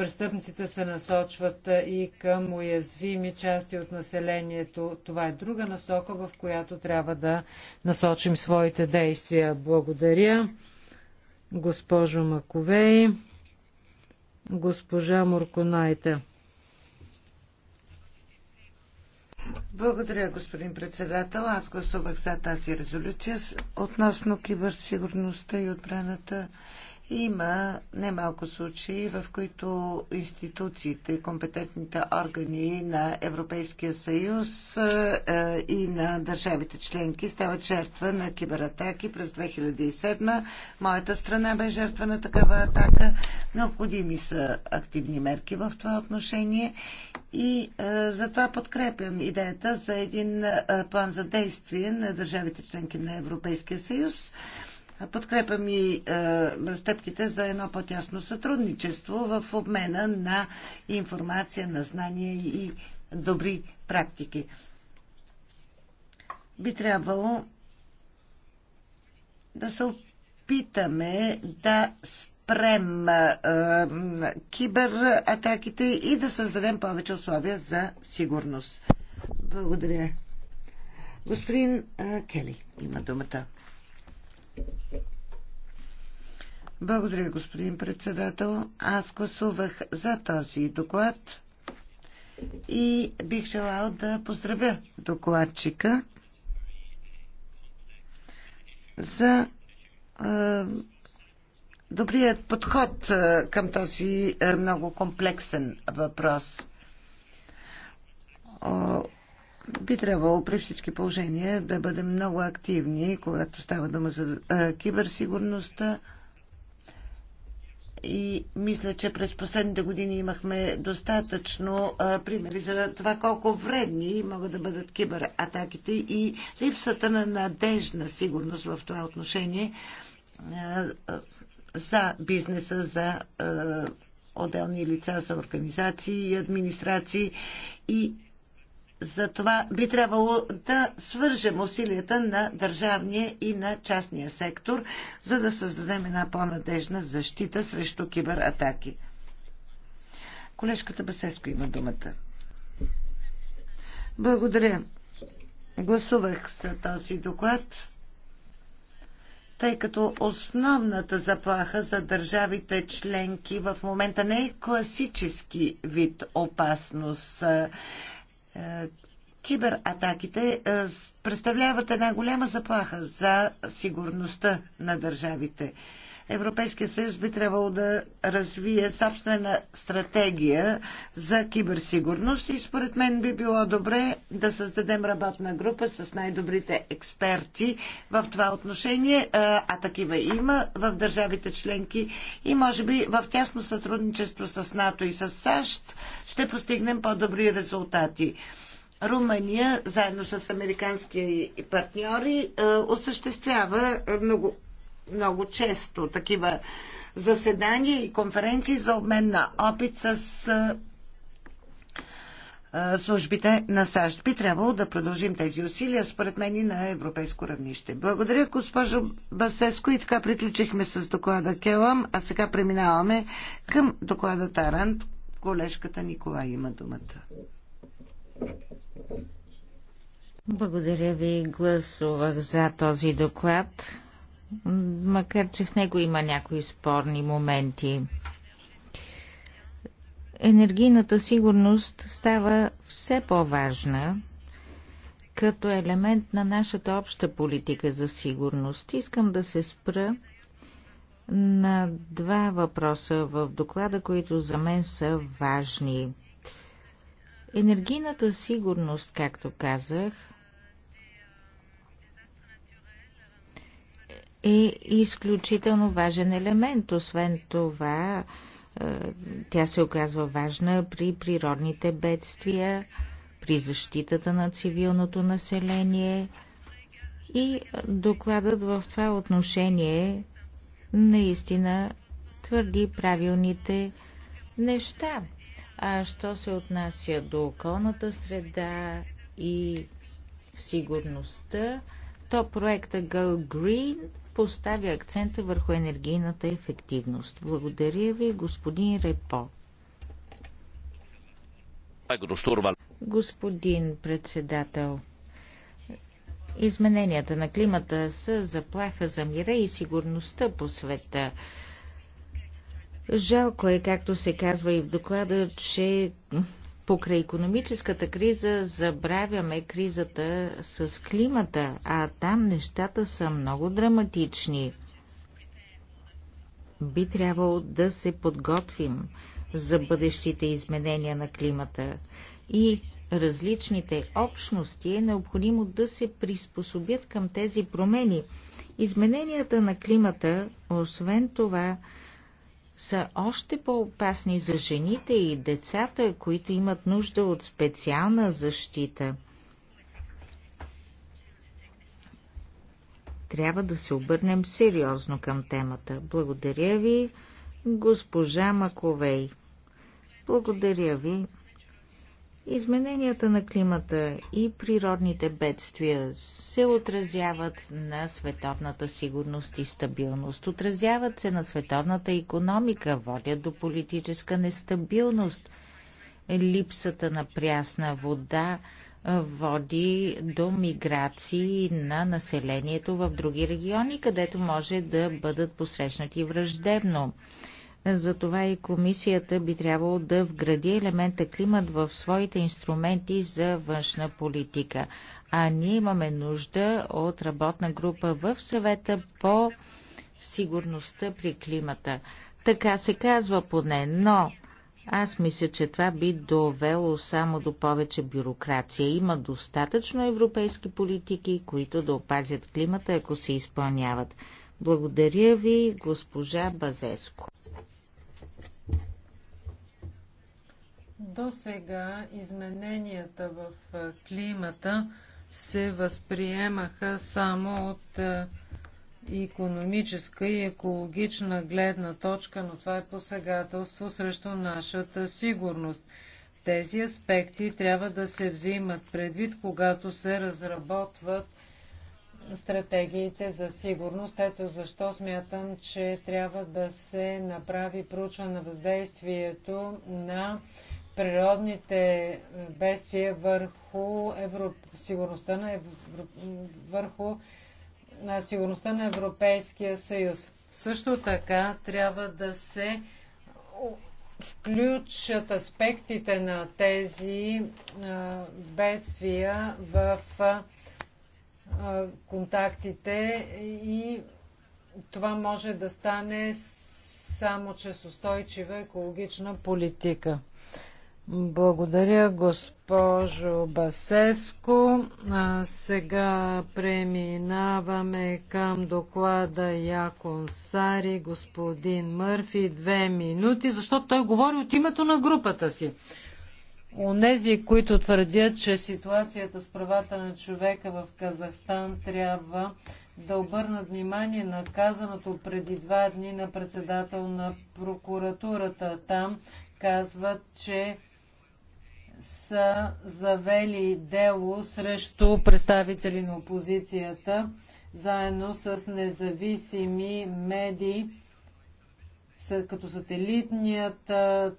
престъпниците се насочват и към уязвими части от населението. Това е друга насока, в която трябва да насочим своите действия. Благодаря, госпожо Маковей, госпожа Мурконайте.
Благодаря, господин председател. Аз гласувах за тази резолюция относно киберсигурността и отбраната има немалко случаи, в които институциите, компетентните органи на Европейския съюз е, и на държавите членки стават жертва на кибератаки. През 2007 моята страна бе жертва на такава атака. Необходими са активни мерки в това отношение и е, затова подкрепям идеята за един е, план за действие на държавите членки на Европейския съюз. Е, Подкрепям и а, е, стъпките за едно по-тясно сътрудничество в обмена на информация, на знания и добри практики. Би трябвало да се опитаме да спрем а, е, кибератаките и да създадем повече условия за сигурност. Благодаря. Господин а, е, Кели има думата. Благодаря, господин председател. Аз гласувах за този доклад и бих желал да поздравя докладчика за е, добрият подход е, към този е, много комплексен въпрос. О, би трябвало при всички положения да бъдем много активни, когато става дума за е, киберсигурността. И мисля, че през последните години имахме достатъчно а, примери за това колко вредни могат да бъдат кибератаките и липсата на надежна сигурност в това отношение а, а, за бизнеса, за а, отделни лица, за организации и администрации и за това би трябвало да свържем усилията на държавния и на частния сектор, за да създадем една по-надежна защита срещу кибератаки. Колежката Басеско има думата. Благодаря. Гласувах за този доклад, тъй като основната заплаха за държавите членки в момента не е класически вид опасност е, кибератаките е, представляват една голяма заплаха за сигурността на държавите. Европейския съюз би трябвало да развие собствена стратегия за киберсигурност и според мен би било добре да създадем работна група с най-добрите експерти в това отношение, а такива има в държавите членки и може би в тясно сътрудничество с НАТО и с САЩ ще постигнем по-добри резултати. Румъния, заедно с американски партньори, осъществява много много често такива заседания и конференции за обмен на опит с службите на САЩ. Би трябвало да продължим тези усилия, според мен и на европейско равнище. Благодаря, госпожо Басеско. И така приключихме с доклада Келам, а сега преминаваме към доклада Тарант.
Колежката Никола има думата. Благодаря ви. Гласувах за този доклад макар че в него има някои спорни моменти. Енергийната сигурност става все по-важна като елемент на нашата обща политика за сигурност. Искам да се спра на два въпроса в доклада, които за мен са важни. Енергийната сигурност, както казах, е изключително важен елемент. Освен това, е, тя се оказва важна при природните бедствия, при защитата на цивилното население и докладът в това отношение наистина твърди правилните неща. А що се отнася до околната среда и сигурността, то проекта Go Green поставя акцента върху енергийната ефективност. Благодаря ви, господин Репо. Господин председател, измененията на климата са заплаха за мира и сигурността по света. Жалко е, както се казва и в доклада, че Покрай економическата криза забравяме кризата с климата, а там нещата са много драматични. Би трябвало да се подготвим за бъдещите изменения на климата и различните общности е необходимо да се приспособят към тези промени. Измененията на климата, освен това, са още по-опасни за жените и децата, които имат нужда от специална защита. Трябва да се обърнем сериозно към темата. Благодаря ви, госпожа Маковей. Благодаря ви. Измененията на климата и природните бедствия се отразяват на световната сигурност и стабилност. Отразяват се на световната економика, водят до политическа нестабилност. Липсата на прясна вода води до миграции на населението в други региони, където може да бъдат посрещнати враждебно. Затова и комисията би трябвало да вгради елемента климат в своите инструменти за външна политика. А ние имаме нужда от работна група в съвета по сигурността при климата. Така се казва поне, но аз мисля, че това би довело само до повече бюрокрация. Има достатъчно европейски политики, които да опазят климата, ако се изпълняват. Благодаря ви, госпожа Базеско.
До сега измененията в климата се възприемаха само от економическа и екологична гледна точка, но това е посегателство срещу нашата сигурност. Тези аспекти трябва да се взимат предвид, когато се разработват стратегиите за сигурност. Ето защо смятам, че трябва да се направи проучване на въздействието на природните бедствия върху Европ... сигурността на Европ... върху на сигурността на Европейския съюз. Също така трябва да се включат аспектите на тези бедствия в контактите и това може да стане само чрез устойчива екологична политика. Благодаря, госпожо Басеско. А сега преминаваме към доклада Якон Сари, господин Мърфи, две минути, защото той говори от името на групата си. Онези, които твърдят, че ситуацията с правата на човека в Казахстан трябва да обърнат внимание на казаното преди два дни на председател на прокуратурата. Там казват, че са завели дело срещу представители на опозицията, заедно с независими медии, като сателитният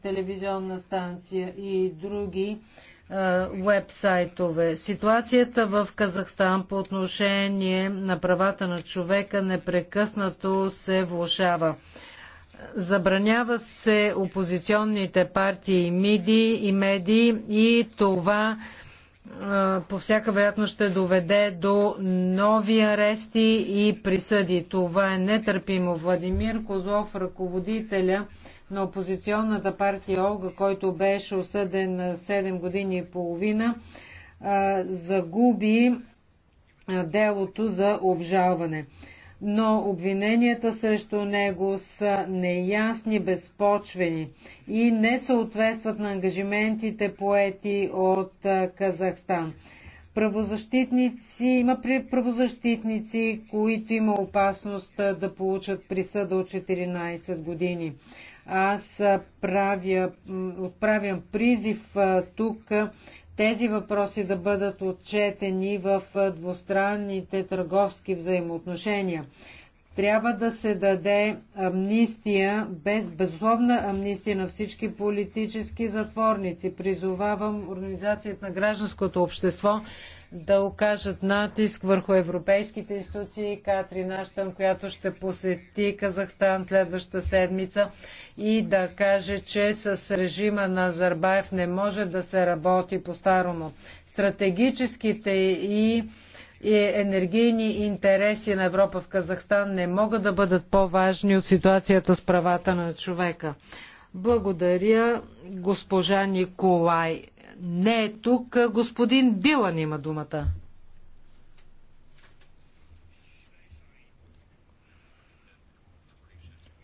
телевизионна станция и други вебсайтове. Ситуацията в Казахстан по отношение на правата на човека непрекъснато се влушава. Забранява се опозиционните партии миди и медии и това по всяка вероятност ще доведе до нови арести и присъди. Това е нетърпимо. Владимир Козлов, ръководителя на опозиционната партия Олга, който беше осъден на 7 години и половина, загуби делото за обжалване но обвиненията срещу него са неясни, безпочвени и не съответстват на ангажиментите поети от Казахстан. Правозащитници, има при правозащитници, които има опасност да получат присъда от 14 години. Аз правя, отправям призив тук тези въпроси да бъдат отчетени в двустранните търговски взаимоотношения. Трябва да се даде амнистия, без, безусловна амнистия на всички политически затворници. Призовавам Организацията на гражданското общество да окажат натиск върху европейските институции, Катрин Аштън, която ще посети Казахстан следващата седмица и да каже, че с режима на Азербаев не може да се работи по-старому. Стратегическите и и енергийни интереси на Европа в Казахстан не могат да бъдат по-важни от ситуацията с правата на човека. Благодаря госпожа Николай не е тук. Господин Билан има думата.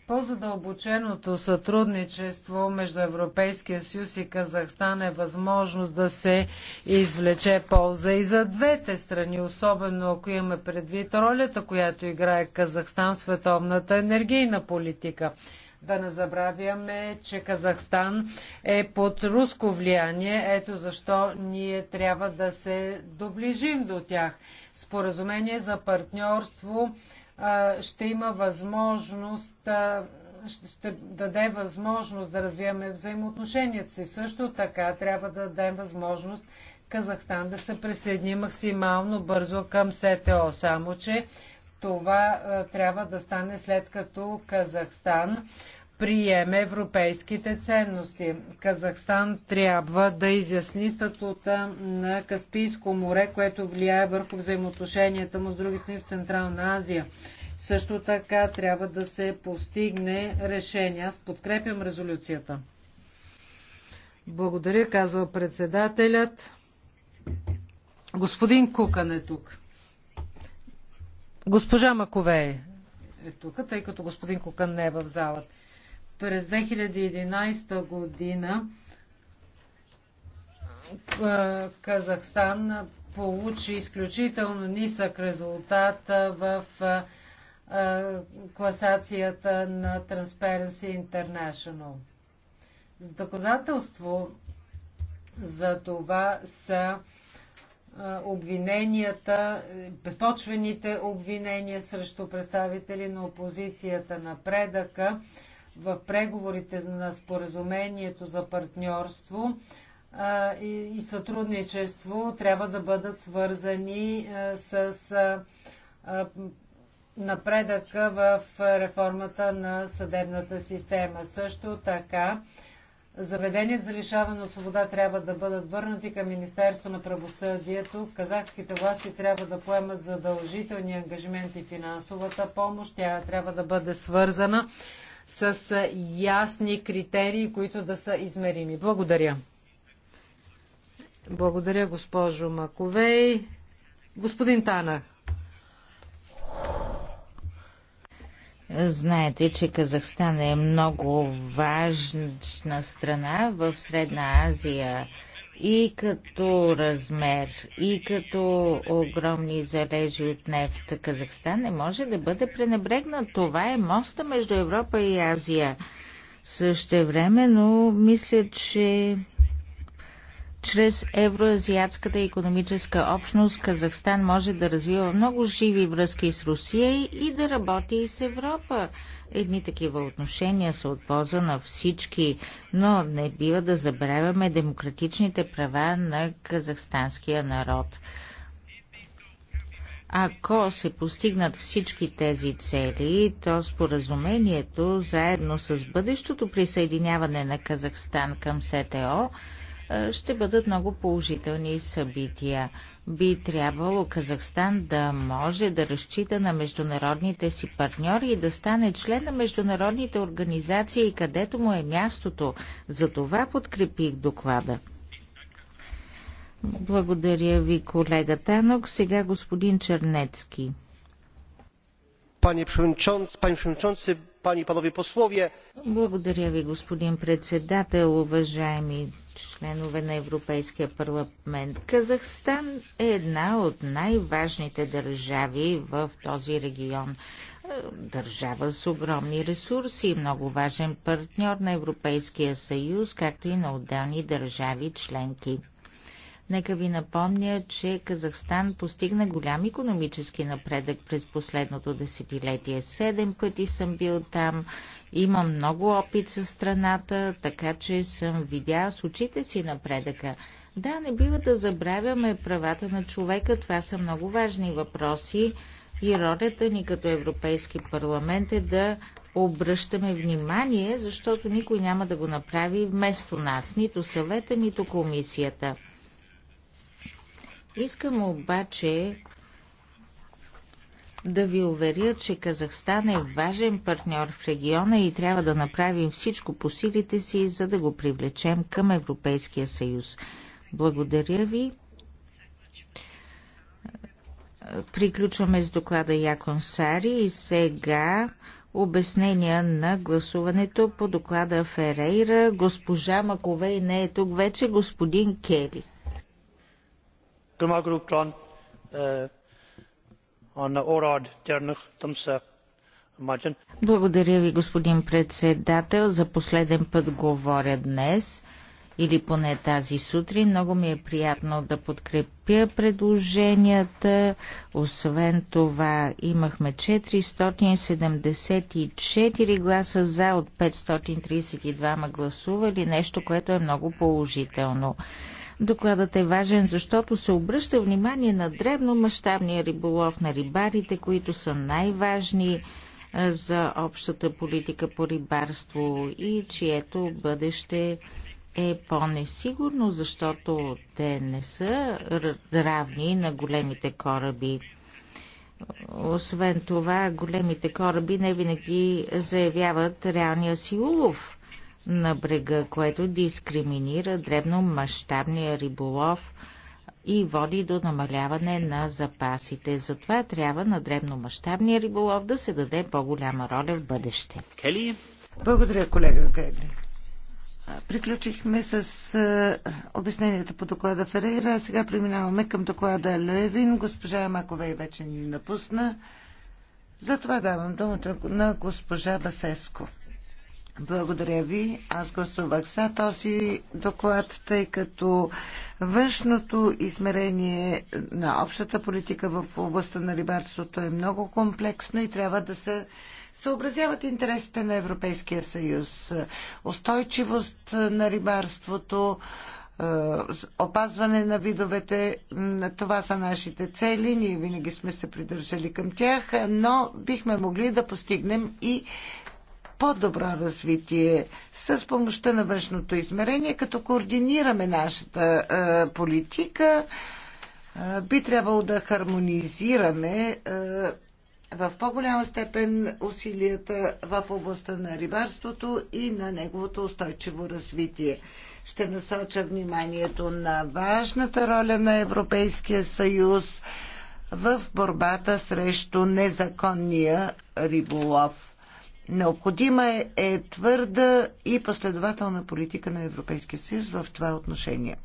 По-задълбоченото сътрудничество между Европейския съюз и Казахстан е възможност да се извлече полза и за двете страни, особено ако имаме предвид ролята, която играе Казахстан в световната енергийна политика. Да не забравяме, че Казахстан е под руско влияние. Ето защо ние трябва да се доближим до тях. Споразумение за партньорство ще има възможност ще даде възможност да развиваме взаимоотношенията си. Също така трябва да дадем възможност Казахстан да се присъедини максимално бързо към СТО. Само, че това е, трябва да стане след като Казахстан приеме европейските ценности. Казахстан трябва да изясни статута на Каспийско море, което влияе върху взаимоотношенията му с други страни в Централна Азия. Също така трябва да се постигне решение. Аз подкрепям резолюцията. Благодаря, казва председателят. Господин Кукан е тук. Госпожа Маковей е тук, тъй като господин Кукан не е в залата. През 2011 година Казахстан получи изключително нисък резултат в класацията на Transparency International. Доказателство за това са обвиненията, безпочвените обвинения срещу представители на опозицията на предъка в преговорите на споразумението за партньорство и, сътрудничество трябва да бъдат свързани е, с напредъка в реформата на съдебната система. Също така Заведенията за лишаване от свобода трябва да бъдат върнати към Министерство на правосъдието. Казахските власти трябва да поемат задължителни ангажименти финансовата помощ. Тя трябва да бъде свързана с ясни критерии, които да са измерими. Благодаря. Благодаря, госпожо Маковей. Господин Танах.
Знаете, че Казахстан е много важна страна в Средна Азия и като размер, и като огромни залежи от нефт. Казахстан не може да бъде пренебрегнат. Това е моста между Европа и Азия. но мисля, че чрез Евроазиатската економическа общност Казахстан може да развива много живи връзки с Русия и да работи и с Европа. Едни такива отношения са от полза на всички, но не бива да забравяме демократичните права на казахстанския народ. Ако се постигнат всички тези цели, то споразумението, заедно с бъдещото присъединяване на Казахстан към СТО, е, ще бъдат много положителни събития. Би трябвало Казахстан да може да разчита на международните си партньори и да стане член на международните организации, където му е мястото. За това подкрепих доклада. Благодаря ви, колега Танок. Сега господин Чернецки. Благодаря ви, господин председател, уважаеми членове на Европейския парламент. Казахстан е една от най-важните държави в този регион. Е, държава с огромни ресурси и много важен партньор на Европейския съюз, както и на отделни държави членки. Нека ви напомня, че Казахстан постигна голям економически напредък през последното десетилетие. Седем пъти съм бил там, имам много опит с страната, така че съм видял с очите си напредъка. Да, не бива да забравяме правата на човека, това са много важни въпроси и ролята ни като Европейски парламент е да обръщаме внимание, защото никой няма да го направи вместо нас, нито съвета, нито комисията. Искам обаче да ви уверя, че Казахстан е важен партньор в региона и трябва да направим всичко по силите си, за да го привлечем към Европейския съюз. Благодаря ви. Приключваме с доклада Якон Сари и сега обяснения на гласуването по доклада Ферейра. Госпожа Маковей не е тук вече, господин Кели.
Eh,
Благодаря ви, господин председател. За последен път говоря днес или поне тази сутрин. Много ми е приятно да подкрепя предложенията. Освен това, имахме 474 гласа за от 532 гласували, нещо, което е много положително. Докладът е важен, защото се обръща внимание на дребномащабния риболов, на рибарите, които са най-важни е, за общата политика по рибарство и чието бъдеще е по-несигурно, защото те не са равни на големите кораби. Освен това, големите кораби не винаги заявяват реалния си улов на брега, което дискриминира мащабния риболов и води до намаляване на запасите. Затова трябва на древно-мащабния риболов да се даде по-голяма роля в бъдеще. Кели? Благодаря, колега Кели. Приключихме
с обясненията по доклада Ферейра. Сега преминаваме към доклада Левин. Госпожа Маковей вече ни напусна. Затова давам думата на госпожа Басеско. Благодаря ви. Аз гласувах за този доклад, тъй като външното измерение на общата политика в областта на рибарството е много комплексно и трябва да се съобразяват интересите на Европейския съюз. Устойчивост на рибарството, е, опазване на видовете, това са нашите цели, ние винаги сме се придържали към тях, но бихме могли да постигнем и по-добро развитие с помощта на външното измерение, като координираме нашата е, политика, е, би трябвало да хармонизираме е, в по-голяма степен усилията в областта на рибарството и на неговото устойчиво развитие. Ще насоча вниманието на важната роля на Европейския съюз в борбата срещу незаконния риболов Необходима е, е твърда и последователна политика на Европейския съюз в това отношение.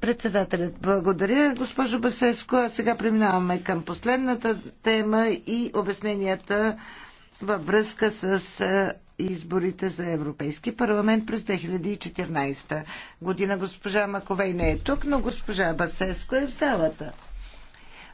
Председателят, благодаря, госпожо Басеско. А сега преминаваме към последната тема и обясненията във връзка с изборите за Европейски парламент през 2014 година. Госпожа Маковей не е тук, но госпожа Басеско е в залата.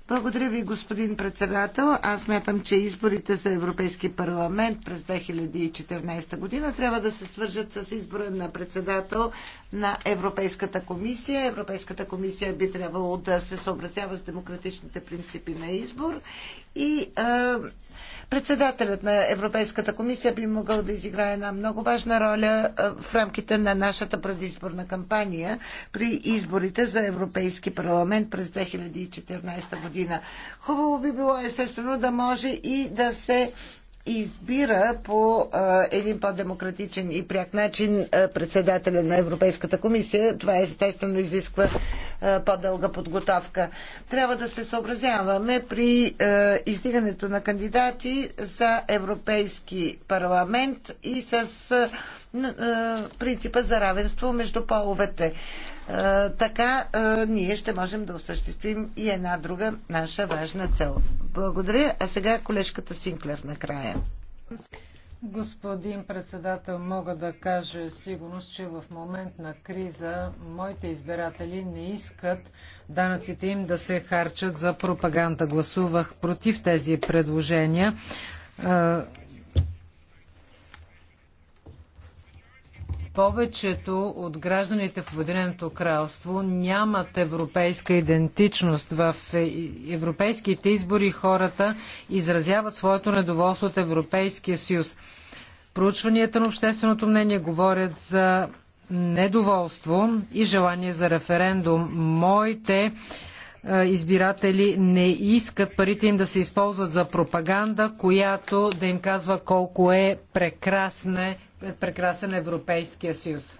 Благодаря ви, господин председател. Аз мятам, че изборите за Европейски парламент през 2014 година трябва да се свържат с избора на председател на Европейската комисия. Европейската комисия би трябвало да се съобразява с демократичните принципи на избор и е, председателят на Европейската комисия би могъл да изиграе една много важна роля в рамките на нашата предизборна кампания при изборите за Европейски парламент през 2014 година. Хубаво би било естествено да може и да се избира по а, един по-демократичен и пряк начин а, председателя на Европейската комисия. Това естествено изисква по-дълга подготовка. Трябва да се съобразяваме при а, издигането на кандидати за Европейски парламент и с а, принципа за равенство между половете. Е, така е, ние ще можем да осъществим и една друга наша важна цел. Благодаря. А сега колежката Синклер накрая.
Господин председател, мога да кажа сигурност, че в момент на криза моите избиратели не искат данъците им да се харчат за пропаганда. Гласувах против тези предложения е, Повечето от гражданите в Обединеното кралство нямат европейска идентичност. В е, европейските избори хората изразяват своето недоволство от Европейския съюз. Проучванията на общественото мнение говорят за недоволство и желание за референдум. Моите е, избиратели не искат парите им да се използват за пропаганда, която да им казва колко е прекрасна прекрасен Европейския съюз.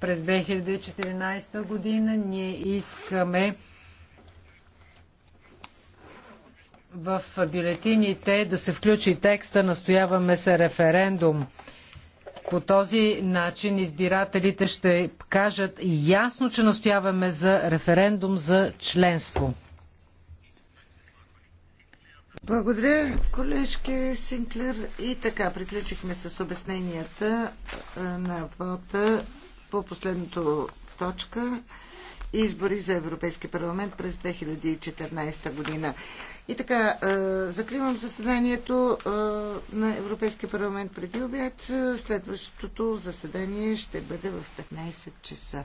През 2014 година ние искаме в бюлетините да се включи текста «Настояваме се референдум». По този начин избирателите ще кажат ясно, че настояваме за референдум за членство.
Благодаря, колежке Синклер. И така, приключихме с обясненията на вота по последното точка избори за Европейски парламент през 2014 година. И така, закривам заседанието на Европейския парламент преди обяд. Следващото заседание ще бъде в 15 часа.